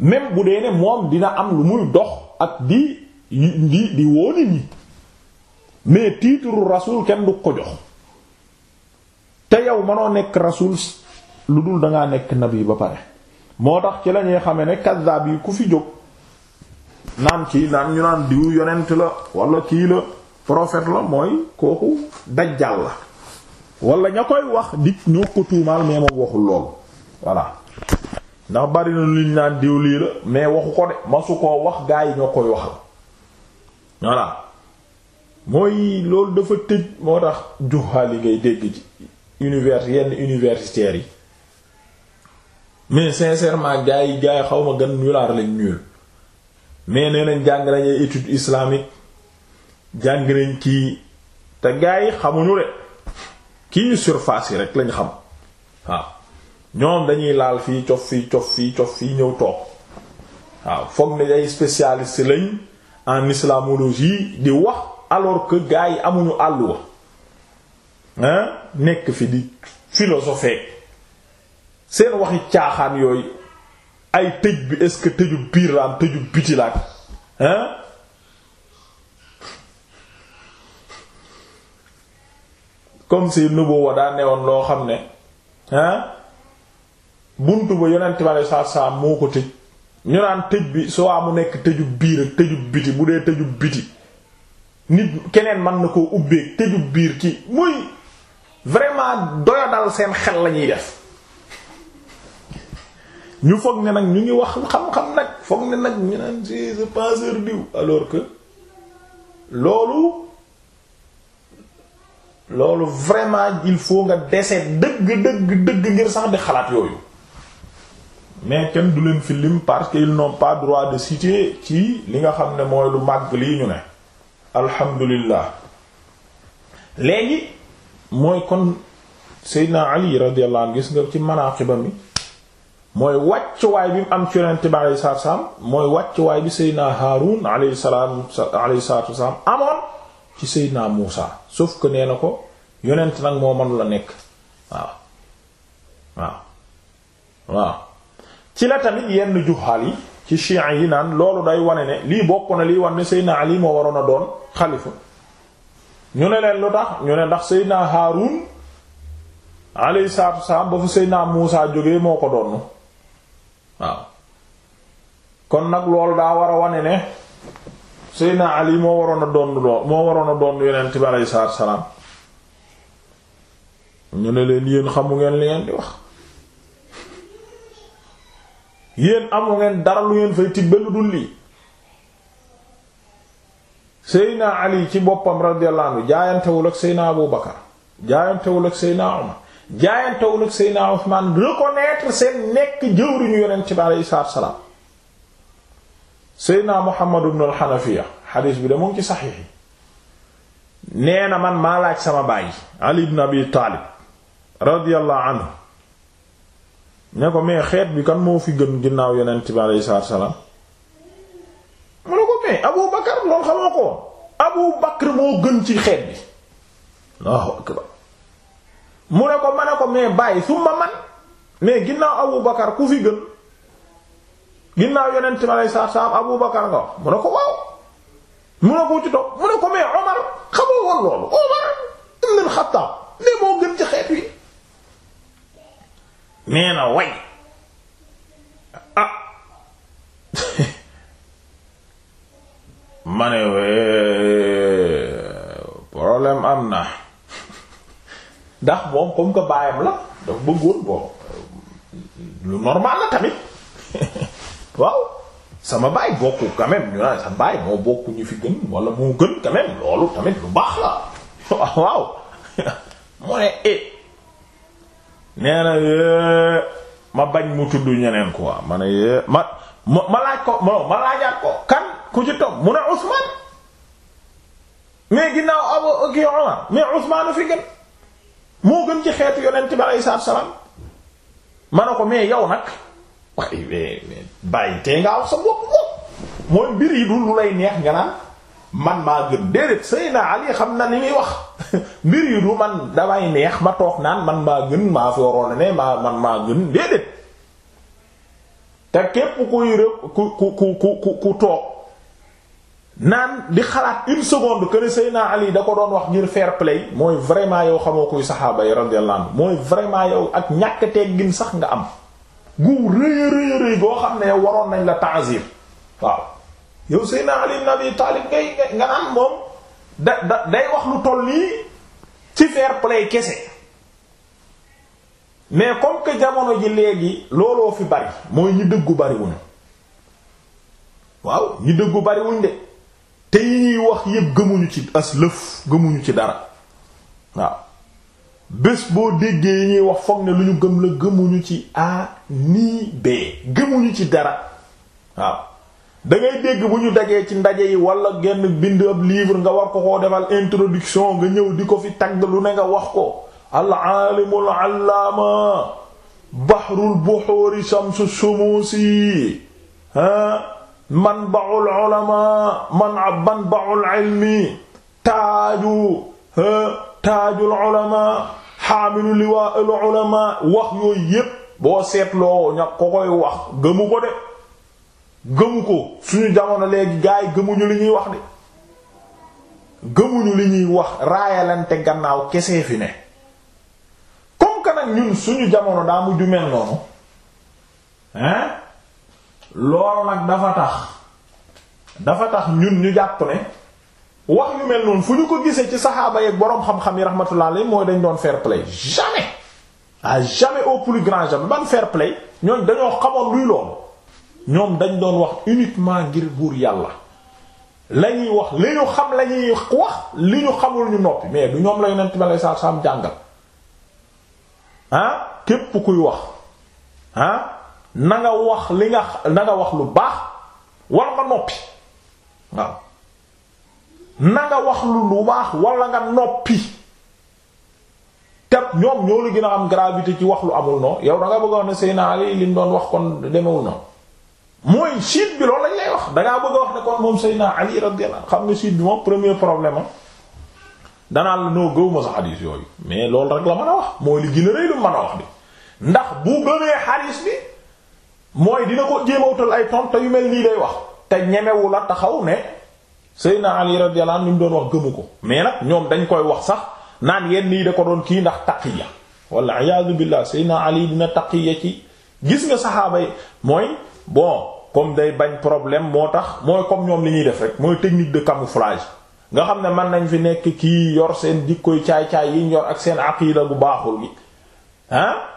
même bu dee ne moom dina am lu muy dox ak di di di woo nit mais titre rasul kenn du ko jox te yow manoo nekk rasul lu dul dangaa nekk nabi ba pare moo tax ci lañuy xame ne kazaab yi ku fi jóg naan kii naan ñu naan diw yonent la wala kii la prophète la mooy kooku dajjal la wala ña koy wax dik ñoo ko tuumaal mais moom waxul loolu voilà ndax bari na lu ñu naan diw lii la mais waxu ko de masu koo wax gaa yi ñoo koy wax la voilà mooy loolu dafa tëj moo tax juxaal yi ngay dégg ci univers yi mais sincèrement gars yi gars xaw ma gën nulaar lañ ñuul mais nee nañ jàng nañ ay études islamiques jàng nañ kii te gars yi xamuñu rek kii ñu surface yi rek lañ xam waaw ñoom dañuy laal fii cof fii cof fii cof fii ñëw toog waaw foog ne ay spécialiste lañ en islamologie di wax alors que gars yi amuñu àll hein nekk fi di philosophe seen waxi caaxaan yooyu ay tëj bi est-ce que tëju biir laa am tëju biti la ak hein comme si nubuwa daa newoon loo xam ne hein buntu ba yonent bi alei saatu salaam moo ko tëj ñu naan tëj bi soo amu nekk tëju biir ak tëju biti bu dee tëju biti nit keneen mën na koo ubbeeg tëju biir ki muy vraiment doya seen xel lañuy def ñu foog ne nag ñu ngi wax xam-xam nag foog ne nag ñu naan ci ce penseur diw alors que loolu loolu vraiment il faut nga dese dëgg dëgg dëgg ngir sax di xalaat yooyu mais kenn du leen fi lim parce qu'ils n'ont pas droit de citer ci li nga xam ne mooy lu màgg lii ñu ne alhamdulillah léegi mooy kon Seydina Ali radiyallahu anhu gis nga ci manaaqiba mi mooy wàccuwaay bi mu am ci yonent bi alayhi salaatu wasalaam mooy wàccuwaay bi Seydina Haarun alayhi salaam alayhi salaatu wasalaam amoon ci Seydina Muusa sauf que nee na ko yonent nag moo mën nekk waaw waaw waaw ci la tamit yenn juxaal yi ci chiites yi naan loolu day wane ne lii bokk na lii wane ne Seydina Ali moo waroon a doon xalifa ñu ne leen lu tax ñu ne ndax Seydina Haarun alayhi salaatu wasalaam ba fu Seydina Muusa jógee moo ko doon waaw kon nag loolu daa war a wane ne Seydina Ali moo waroon a doon lool moo waroon a doon yonent bi aleyhi salaatu ñu ne leen yéen xamu ngeen li ngeen di wax yéen amu ngeen dara lu ngeen fay tibbe lu dul lii Seydina Ali ci boppam radiyallahu anhu jaayantewul ak Seydina Abu Bakar jaayantewul ak Seydina Umar jaayantewul ak Seydina Usmaan reconnaître seen nekk jëwriñu yonent bi aleyhi salaatu salaam Seydina Muhammad ibn al xadiis bi de mu ngi ci saxiix yi nee na man maa laaj sama baay Ali ibn Abi Taalib radiyallahu anhu ne ko mais xeet bi kan moo fi gën ginnaaw yonent bi aleyhi salaatu salaam mu ne ko mais Abu loolu xamoo ko woon Abu moo gën ci xeet bi Allahu akbar mu ne ko ma ne ko mais bàyyi summa man mais ginnaaw Abu Bakar ku fi gën ginnaaw yonent bi aleyhi salaatu salaam nga mu ne ko waaw mu ne ko ci mu ne ko mais Omar xamoo woon loolu Omar ibn al-Khattab moo gën ci xeet wi nee na way ah ma ne eh, problème am na ndax moom comme que baayam la dafa bëggoon bon lu normal la tamit waaw sama baay bokku quand même ñu naan sa baay moo bokku ñu fi gën wala mu gën quand même loolu tamit lu baax la waaw mu ne e nee na eh, ma bañ mu tudd ñeneen quoi ma ne eh, ma ma laaj ko ma ma laajaat ko kan ku ci topp mu ne Ousmane mais ginnaaw Abu Omar mais Ousmane fi gën. moo gën ci xeet yonent bi aleyhi salaatu wa salaam ma ne ko mais yow nag waaye mais bàyyi tee ngaa wax sa bopp bopp mooy mbir yi du lu lay neex nga naan man maa gën déedéet Seydina Ali xam na ni muy wax mbir yi du man damay neex ma toog naan man maa gën maa fi waroon ne maa man maa gën déedéet te képp kuy ku ku ku ku ku toog naan di xalaat une seconde que Seyna Ali da ko doon wax ngir fair play mooy vraiment yow xamoo koy saxaaba yi radiyallahu anhu mooy vraiment yow ak ñàkk teggin sax nga am gu rëy rëy rëy boo xam ne waroon nañ la ta'zir waaw yow Seyna Ali ibn Abi nga am moom da da day wax lu toll nii ci fair play kese mais comme que jamono ji léegi looloo fi bari mooy ñi dëggu bariwuñ waaw ñi dëggu bariwuñ de te yi ñuy wax yépp gëmuñu ci as gëmuñu ci dara waaw bés boo déggee yi ñuy wax foog ne lu ñu gëm la gëmuñu ci a ni b gëmuñu ci dara waaw dangay dégg bu ñu dajee ci ndaje yi wala genn bind ab livre nga war ko koo defal introduction nga ñëw di ko fi tagg lu ne nga wax ko al aalimul allaama bahrul buxuuri shamsu shumusi man baul ulama man man baul ilmi taaju taajul ulama xaamilu liwaa al ulama wax yooyu yépp boo seetloo ña ko koy wax gëmu ko de gëmu ko suñu jamono léegi gaa yi gëmuñu li ñuy wax de gëmuñu li ñuy wax raayalante gannaaw kese fi ne comme que nag ñun suñu jamono daa mujju mel noonu hein lool nag dafa tax dafa tax ñun ñu jàpp ne wax yu mel noonu fu ñu ko gisee ci saxaaba yeeg boroom xam-xam yi rahmatullah alayhi mooy dañ doon fair play jamais à jamais au plus grand jamais ban fair play ñooñ dañoo xamoon luy loolu ñoom dañ doon wax uniquement ngir buur yàlla la ñuy wax li ñu xam la ñuy wax li ñu xamul ñu noppi mais du ñoom la yonent ma lay saa saam jàngal ah képp kuy wax ah, na nga wax li nga na wax lu baax wala nga noppi waaw na nga wax lu lu baax wala nga noppi te ñoom ñoo la gën a am gravité ci wax lu amul noonu yow da bëgg a wax ne Seyna Ali li mu doon wax kon demewul noonu mooy siit bi loolu lañ lay wax da bëgg a wax ne kon moom Seyna Ali radiyallahu xam nga siit bi moom premier problème am danaa la noo gëw ma sa xadiis yooyu mais loolu rek la mën a wax mooy li gën a rëy lu mën a wax bi ndax bu gënee xadiis bi. mooy dina ko jéem a wutal ay tontu yu mel nii lay wax te ñemewu la taxaw ne Seydina Ali radiyallahu anhu ñu doon wax gëmu ko mais nag ñoom dañ koy wax sax naan yenn yi da ko doon kii ndax taqiya walla iyaadu billah Seydina Ali dina taqiya ci gis nga saxaaba yi mooy bon comme day bañ problème moo tax mooy comme ñoom li ñuy def rek mooy technique de camouflage nga xam ne mën nañ fi nekk kii yor seen jikkoy caay-caay yiñ yor ak seen aqiida bu baaxul gi ah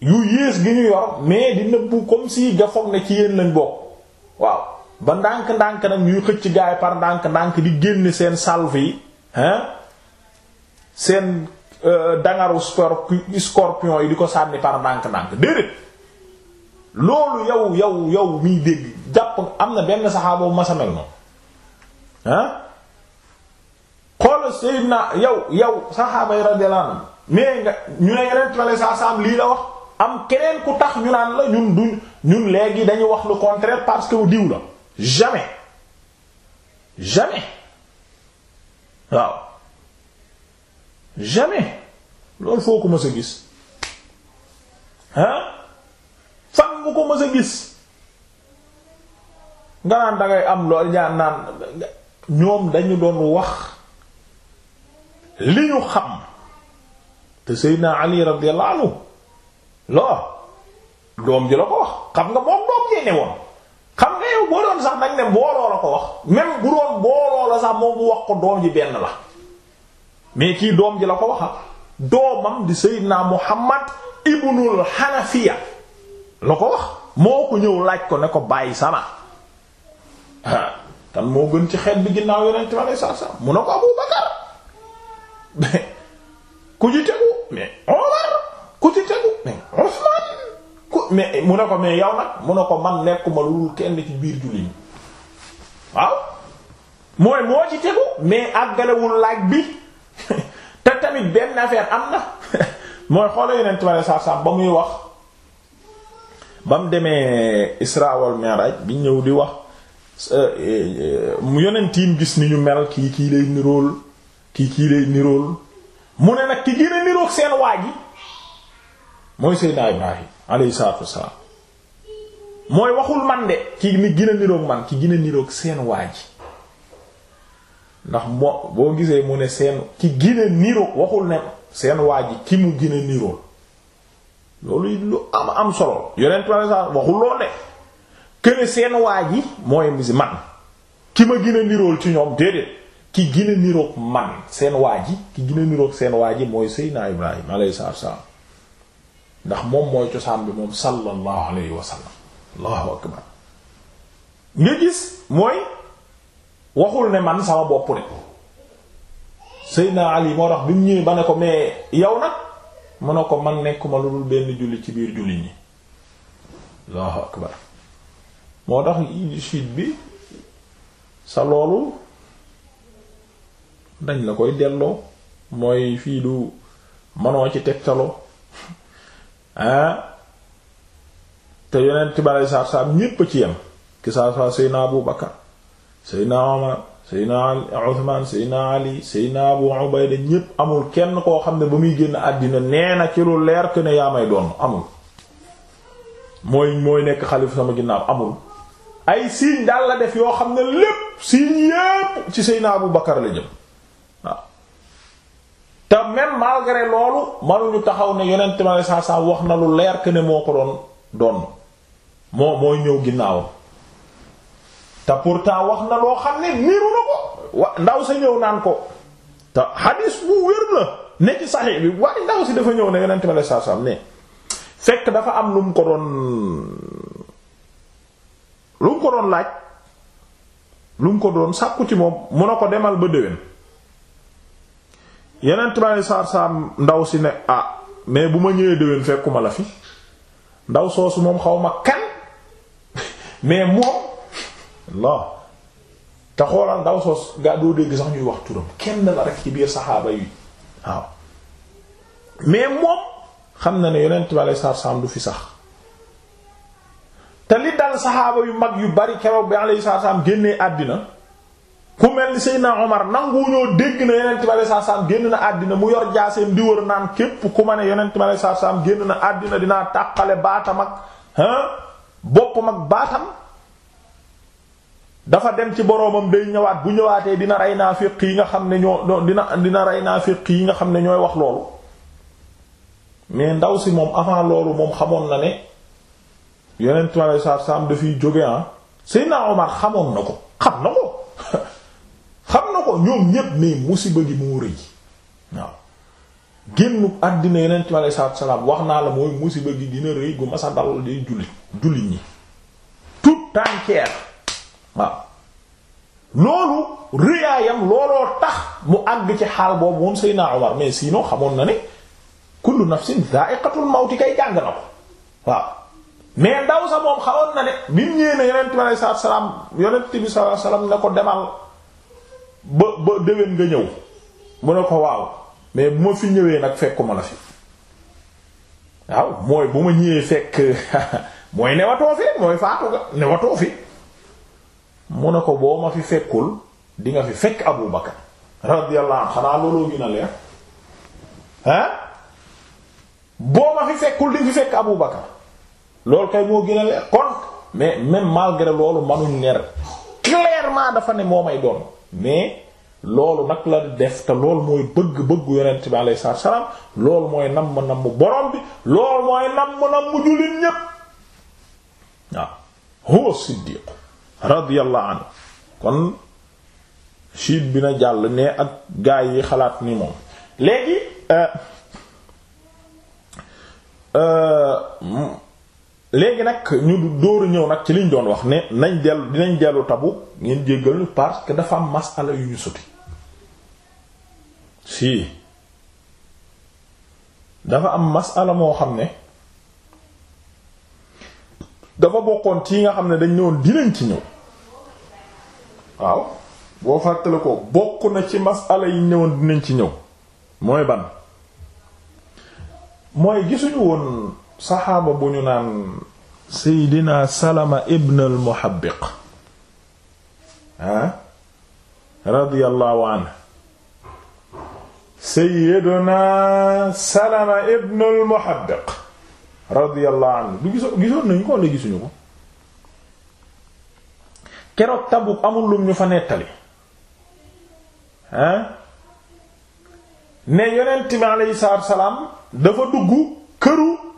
yu yées gi ñu yor mais di nëbbu comme si ga foog ne ci yéen lañ bokk waaw ba ndànk-ndànk nag ñuy xëcc gaay par ndànk-ndànk di génn seen salve yi hein seen euh, dangaru scorpion yi di ko sànni par ndànk-ndànk déedéet loolu yow yow yow miy dégg jàpp am na benn saxaaba bu masamel noonu hein xoolal Seydina yow yow saxaaba yi radiyallahu mais nga ñu ne yeneen tale sa lii la wax am keneen ku tax ñu naan la ñun duñ ñun léegi dañu wax lu contraire parce que diw la jamais jamais waaw jamais loolu foo ko mës a gis ah fan nga ko mës a gis nga naan dangay am lool jaan naan ñoom dañu doon wax li ñu xam te Seydina Ali radiyallahu loo doom ji la ko wax xam nga moom doom jee ne woon xam nga yow boo doon sax nañ ne mbooloo la ko wax même bu doon mbooloo la sax moom bu wax ko doom ji benn la mais kii doom ji la ko wax doomam di Seydina Muhammad ibnul Hanafiya la ko wax moo ko ñëw laaj ko ne ko bàyyi sama tan moo gën ci xeet bi ginnaaw yonent bi alei satu salam mu ne ko Abu Bakar ku ji tegu mais ku ci tegu mais Usman ku mais eh, mu ne ko mais yow nag mu ne ko man nekkuma lu kenn ci biir julli waaw mooy moo ci tegu mais àggalewul laaj bi te tamit benn affaire am na mooy xoola yeneen tubaab yi sax ba muy wax ba mu demee Isra wal Mi'raj bi ñëw di wax eh, eh, mu yonentiim gis ni ñu mel kii kii lay nirool kii kii lay nirool mu ne nag ki gën a niroog seen waa ji mooy Seydina Ibrahim alayhi salaatu wassalaam mooy waxul man de ki ni gën a niroog man ki gën a niroog seen waa ji ndax moo boo gisee mu ne seen ki gën a niroog waxul ne seen waa ji ki mu gën a niroog loolu lu am am solo yonent ma waxul lool de këne seen waa ji mooy man ki ma gën a nirool ci ñoom déedéet ki gën a niroog man seen waa ji ki gën niroog seen waa ji mooy Seydina Ibrahim alayhi salaatu wassalaam ndax moom mooy cosaan bi moom sallallahu alayhi wa sallam allahu akbar nga gis mooy waxul ne man sama bopp de naa Ali moo tax bi mu ñëwee ba ne ko mais yow nag mu ne ko man nekkuma lu dul benn julli ci biir julli ñi allahu akbar moo tax suite bi sa loolu dañ la koy delloo mooy fii du manoo ci tegtaloo ah te yonent bi alei saatu salaam ñépp ci yem ki saasa seydna abu bakar seydna omar seydna uthman seydna ali seydna abu ubayda ñépp amul kenn koo xam ne ba muy génn àddina nee na ci leer que ne yaa may doon amul mooy mooy nekk xalifa sama ginnaaw amul ay signe daal la def yoo xam ne lépp signe yépp ci seydna abu bakar la jëm te même malgré loolu ñu taxaw ne yonent ma saa saa wax na lu leer que moo ko doon doon moo mooy ñëw ginnaaw te pourtant wax na loo xam ne niiru na ko wa ndaw sa ñëw naan ko te hadis bu wér la ne ci saxi bi waaye ndaw si dafa ñëw ne yonent ma saa saa ne fekk dafa am lu mu ko doon lu mu ko doon laaj lu mu ko doon sàkku ci moom mun a ko demal ba déwén. yeneen tubaab yi saar saar ndaw si ne ah mais bu ma ñëwee déwén fekkuma la fi ndaw soosu moom xaw ma kan mais moom la te xoolal ndaw soos gaa doo dégg sax ñuy wax turam kenn la rek ci biir saxaaba yi waaw mais moom xam na ne yeneen bi alayhi salaatu salaam du fi sax te li dal saxaaba yu mag yu bari keroog bi alayhi salaatu salaam génnee àddina ku mel ni Seydina Omar nangu ñoo dégg na yonent ma lay saa génn na àddina mu yor jaaseem di wër naan képp ku ma ne yonent ma lay saa saam génn na àddina dina tàqale baatam ak ah boppam ak baatam. dafa dem ci boroomam day ñëwaat bu ñëwaatee dina rey naa féq yi nga xam ne ñoo dina dina rey naa féq yi nga xam ne ñooy wax loolu mais ndaw si moom avant loolu moom xamoon na ne yonent ma lay saa saam dafiy jóge ah Omar xamoon na ko xam na ko. na ko ñoom ñépp mais musiba gi moo rëy waaw génnu àddina yeneen ci alayhi salaam wax naa la mooy musiba gi dina rëy gu masa dal julli julli ñi tout entière waaw loolu rëyaayam looloo tax mu àgg ci xaal boobu moom Seydina Omar mais sinon xamoon na ne kullu nafsin dha'iqatul mawti kay jàng na ko waaw mais ndaw sa moom xamoon na ne bi mu ñëwee ne yonent bi salaam yonent bi sallallahu ne ko demal ba ba déwén nga ñëw mu ne ko waaw mais bu ma fi ñëwee nag fekkuma la fi waaw mooy bu ma ñëwee fekk mooy newatoo fi mooy faatu nga newatoo fi mu ne ko boo ma fi fekkul di fi fekk Abu Bakar radiyallahu anhu a leer ah boo ma fi fekk Abu Bakar loolu kay moo gën a leer kon mais même malgré loolu manuñ ner clairement dafa ne moo may doon mais loolu nag la def te loolu mooy bëgg-bëggu yonent bi alayhi salaam loolu mooy namm namm borom bi loolu mooy namm namm jullit ñépp waaw huwa siddiq radiyallahu anhu kon chiit bi na jàll ne ak gaa yi xalaat ni moom léegi euh, euh, léegi nag ñu dóoru ñëw nag ci liñ doon wax ne nañ dellu dinañ dellu tabu ngeen jéggal parce que dafa am masala yu ñu suti si dafa am masala moo xam ne dafa bokkoon ci nga xam ne dañ ñëwoon dinañ ci ñëw waaw boo fàttale ko bokk na ci masala yi ñëwoon dinañ ci ñëw mooy ban mooy gisuñu woon saxaaba bu ñu naan seydina salama ibn al muhabbiq ah radiyallahu anhu seydina salama ibn al muhabbiq radiyallahu du gisoon gisoon nañu ko walla gisuñu ko keroog Tabuk amul lum ñu fa nettali ah? ne yonent bi aleyhi salaatu salaam dafa dugg këru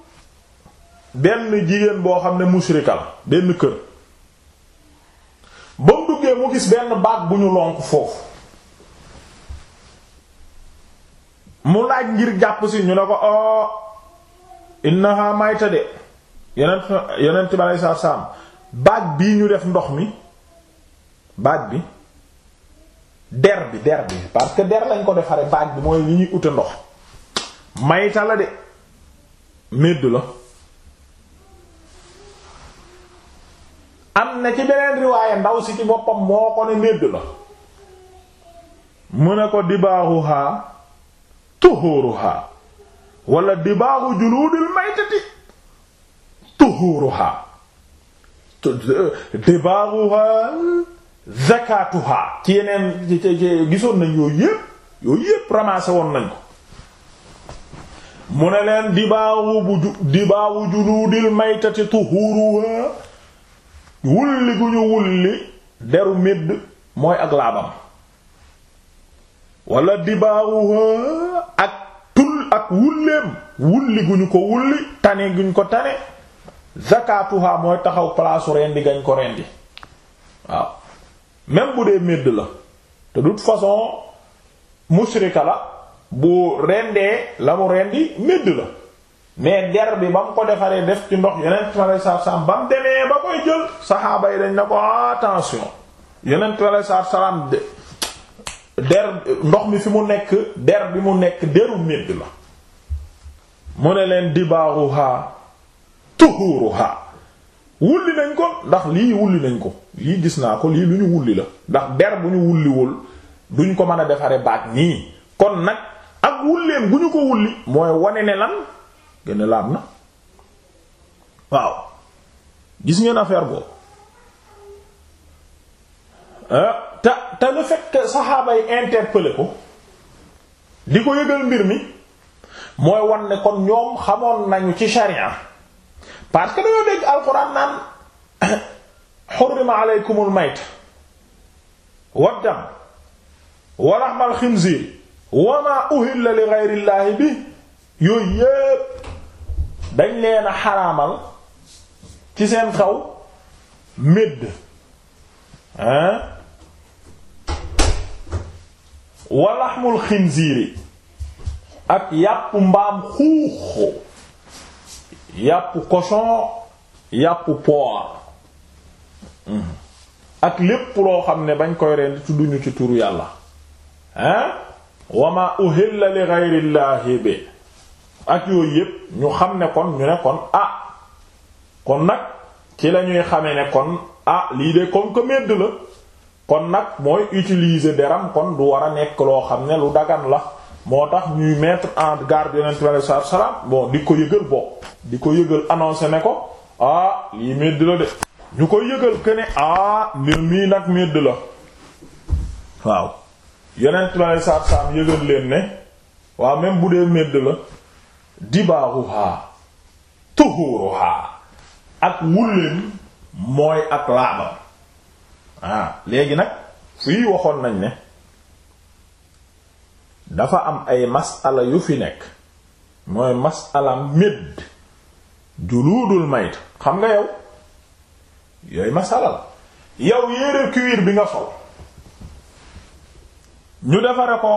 benn jigéen boo xam ne mushrika la benn kër ba mu duggee mu gis benn baat bu ñu lonk foofu mu laaj ngir jàpp si ñu ne ko o oh, innaha mayta de yeneen yeneen bi aleyi saatu salaam baat bii ñu def ndox mi baat bi der bi der bi parce que der lañ ko defare baat bi mooy li ñuy ute ndox mayta la de médd la am na ci beneen riwaaye ndaw si ci boppam moo ko ne médd la mu ne ko dibaaxuhaa tuhuuruhaa wala dibaaxu juluudil maytati tuhuuruhaa dibaaxuhaa zakaatuhaa ci yeneen ci gisoon nañ yooyu yépp yooyu yépp ramassé woon nañ ko mu ne leen dibaaxu bu dibaaxu juluudil maytati tuhuuruhaa wulli gu ñu wulli deru médd mooy ak laabam wala dibaaruha ak tul ak wulleem wulli gu ñu ko wulli tane gu ko tane zakatuha mooy taxaw palaasu rendi gañ ko rendi waaw même bu dee médd la te toute façon musrika la bu rendee la mu rendi médd la mais der bi ba mu ko defaree def ci ndox yeneen bi aleyhi salaatu salaam ba mu demee ba koy jël saxaaba yi dañ na ko attention yonent bi aleyhi salaatu de der ndox mi fi mu nekk der bi mu nekk deru medd la mu ne leen dibaaruha tuhuruha wulli nañ ko ndax lii wulli nañ ko lii gis naa ko lii lu ñu wulli la ndax der bu ñu wulliwul duñ ko mën a defaree baat nii kon nag ak wulleem bu ñu ko wulli mooy wane ne lan gën a laab na waaw gis ngeen affaire boobu euh, te te le fait saxaaba yi interpellé ko di ko yëgal mbir mi mooy wan ne kon ñoom xamoon nañu ci sharia parce que dañoo dégg alxuraan naan xurrima aleykumul mayt waddam wa lahmal xinziir wa maa uhilla li gayri bi yooyu yépp dañ leen a xaraamal ci seen kaw médd hein walaxmul xinziiri ak yàpp mbaam xuux yàpp cochon yàpp porc hmm, ak lépp loo xam ne bañ koy rend tudduñu ci turu yàlla hein wa ma uhilla li ghayri bi ak yooyu yépp ñu xam ne kon ñu ne kon ah kon nag ci la ñuy xamee ne kon ah lii de comme que medd la kon nag mooy utilise deram kon du war a nekk loo xam ne lu dagan la moo tax ñuy mettre en garde yonent bi alayhi salaatu salaam bon di ko yëgal bopp di ko yëgal annoncé ne ko ah lii medd la de ñu ko yëgal que ne ah mbir mii nag medd la waaw yonent bi alayhi salaatu salaam yëgal leen ne waaw même bu dee medd la dibaaruha tuhuruha ak wulleem mooy ak laabam ah léegi nag fii waxoon nañ ne dafa am ay masala yu fi nekk mooy masala médd juluudul mayt xam nga yow yooyu masala la yow yére cuir bi nga sol ñu defare ko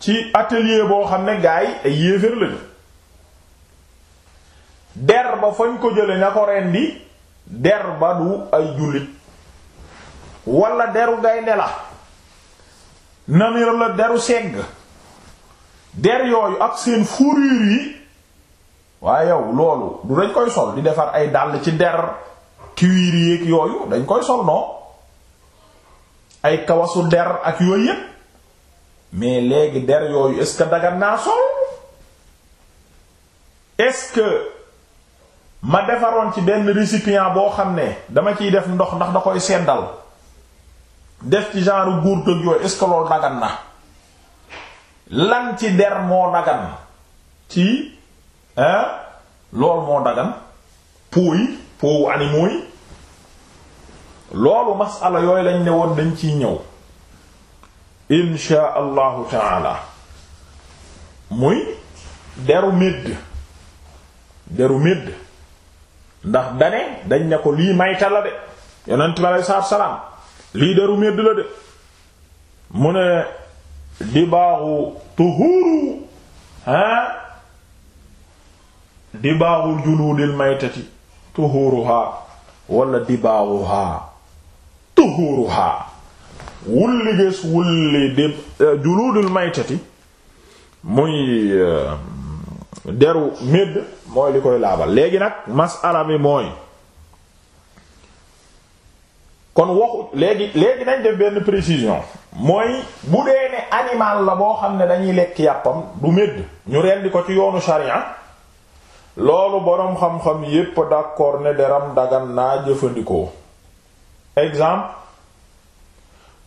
ci atelier boo xam ne gaay ay yéeféer lañu der ba fañ ko jële ña ko rendi der ba du ay jullit wala deru gaynde la namir la deru segg der yooyu ak seen fourrure yi waaye yow loolu du dañ koy sol di defar ay dàll ci der cuir yéeg yooyu dañ koy sol non ay kawasu der ak yooyu yépp mais léegi der yooyu est-ce que dagan naa sol est ma defaroon ci benn récipient boo xam ne dama ciy def ndox ndax da koy seddal def ci genre guurt ak yooyu est loolu dagan na lan ci der moo dagan ci hein loolu moo dagan puuy puuwu animaux yi loolu masala yooyu lañ ne woon dañ ciy ñëw insha allahu taala muy deru médd deru médd ndax dane dañ ne ko lii mayta la de yonent bi alei salaam lii deru médd la de mu ne dibaaxu tuhuru ah dibaaxu juluudil maytati tuhuruha wala dibaaxuha tuhuruha wulli gés wulli di euh, juluudul maytati muy euh, deru médd mooy li koy laabal léegi nag masala mi mooy kon waxu léegi léegi nañ def benn précision mooy bu dee ne animal la boo xam ne dañuy lekk yàppam du médd ñu rendi ko ci yoonu sharia loolu boroom xam-xam yépp d'accord ne deram dagan naa jëfandikoo exemple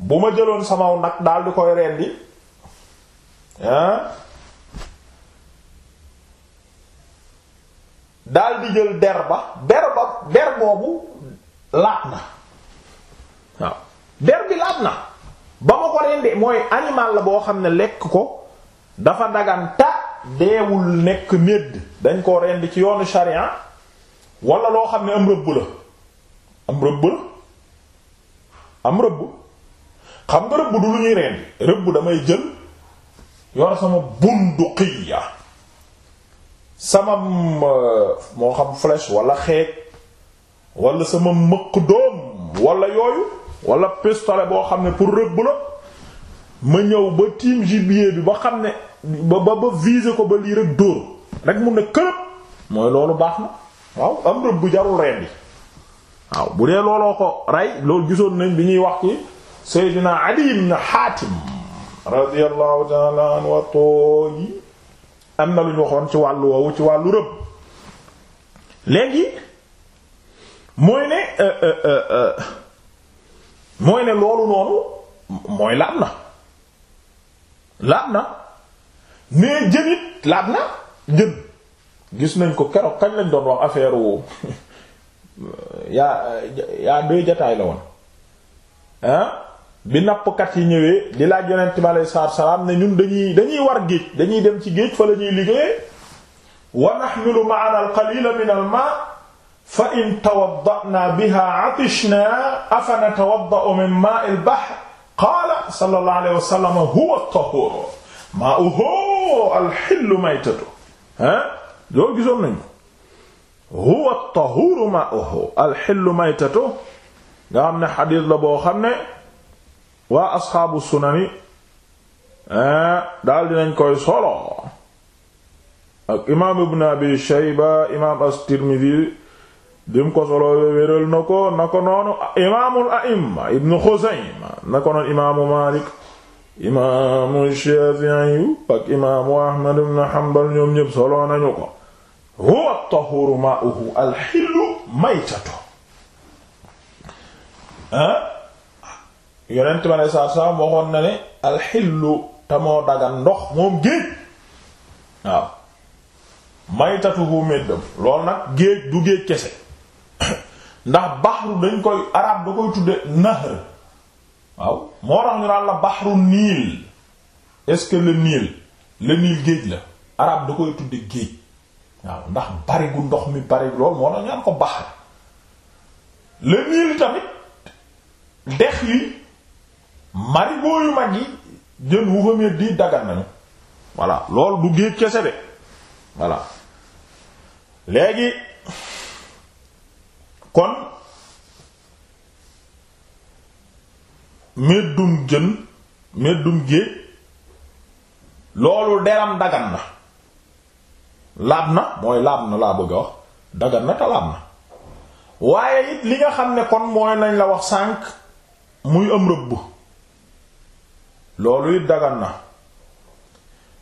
bu ma jëloon samaw nag daal di koy rendi ah daal di jël der ba der ba boobu laat na waaw der bi laat na ba ma ko rendi mooy animal la boo xam ne lekk ko dafa daganta deewul nekk nédd dañ ko rendi ci yoonu sharia walla loo xam ne am rëbb la am rëbb la am rëbb xam nga rëbb du lu ñuy reen rëbb damay jël yor sama bunduqiya sama euh, moo xam flèche walla xeej wala sama mëq doom walla yooyu wala pistolet boo xam ne pour rëbb la ma ñëw ba tiim gibier bi ba xam ne ba ba ba ko ba lii rek dóor rek mun na kërëb mooy loolu baax na waaw am rëbb jarul reen waaw bu dee looloo ko rey loolu gisoon nañ bi ñuy wax ci Seydina Adi ibn Hatim radiyallahu ta'ala am na lu waxoon ci wàllu woowu ci wàllu rëbb léegi mooy ne euh, euh, euh, mooy ne loolu noonu mooy laab na laab na mais jën it laab na jën gis nañ ko keroog kañ lañ doon wax affaire yaa yaa doy jataay la woon bi nappkat yi ñëwee di laaj yonent bi aleyhi salaatu salaam ne ñun dañuy dañuy war géej dañuy dem ci géej fa la ñuy liggéeyee wa naxmilu ma'ana al-qaliila min al-maa' fa in tawadda'naa bihaa 'atishnaa afa natawadda'u min maa'il bahr qaala sallallahu alayhi wa sallam huwa at-tahuur maa'uhu al-hillu maytatuhu ah loolu gisoon nañu huwa at-tahuur maa'uhu al-hillu maytatuhu nga xam ne xadiis la boo xam ne waa asxaabu sunani eh, daal dinañ koy solo ak imaam ibn abi shayba imaam as-tirmidhi dim ko solo wéral na ko na ko noonu imaamul a'imma ibn xuzayma na ko noonu imaamu maalik imaamu shafi'i ak imaamu ahmad ibn hanbal ñoom ñépp solo nañu ko huwa at-tahuru ma'uhu al-hillu maytatu ha eh? yonent ma ne saar-saam waxoon na ne alxillu te moo dagan ndox moom géej waaw maytatuhu méddam loolu nag géej du géej kese ndax baxru dañ koy arab da koy tudde nahr waaw moo tax ñu naan la baxru niil est-ce que le géej la arab da koy tudde géej waaw ndax bari gu ndox mi bari lool moo tax ñu ko baxr le tamit dex yi marigot yu mag yi jën wu fa di dagan nañu voilà loolu du géej kese de voilà léegi kon meddum jën meddum géej loolu deram dagan na laab na mooy laab na laa bëgg a wax dagan na te laab na waaye it li nga xam ne kon mooy lañ la wax sànq muy am rëbb loolu it dagan na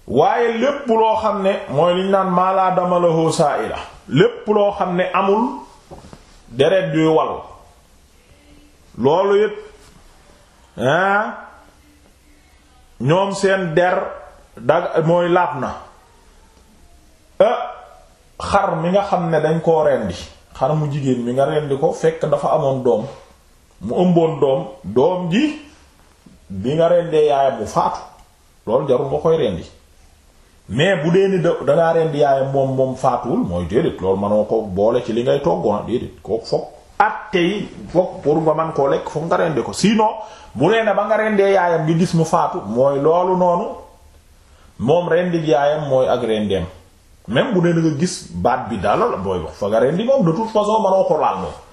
waaye lépp loo xam ne mooy liñ naan maalaa dama la hoosaa ila lépp loo xam ne amul deret yuy wal loolu it ñoom seen der dag mooy laab na euh, xar mi nga xam ne dañ koo rendi xar mu jigéen mi nga rendi ko fekk dafa amoon doom mu ëmboon doom doom ji bi nga rendee yaayam mu faatu loolu jarul nga koy rendi mais bu dee ni da dangaa rendi yaayam moom moom faatuwul mooy déedéet loolu manoo ko boole ci li ngay toggoona ah, déedéet kooku foog atte yi foog pour nga man koo lekk foog nga rendi ko sinon bu dee ne ba nga rendee yaayam ngi gis mu faatu mooy loolu noonu moom rendi yaayam mooy ak rendeem même bu dee nga gis baat bi dala la booy wax fa nga rendi moom de toute façon manoo ko laal moom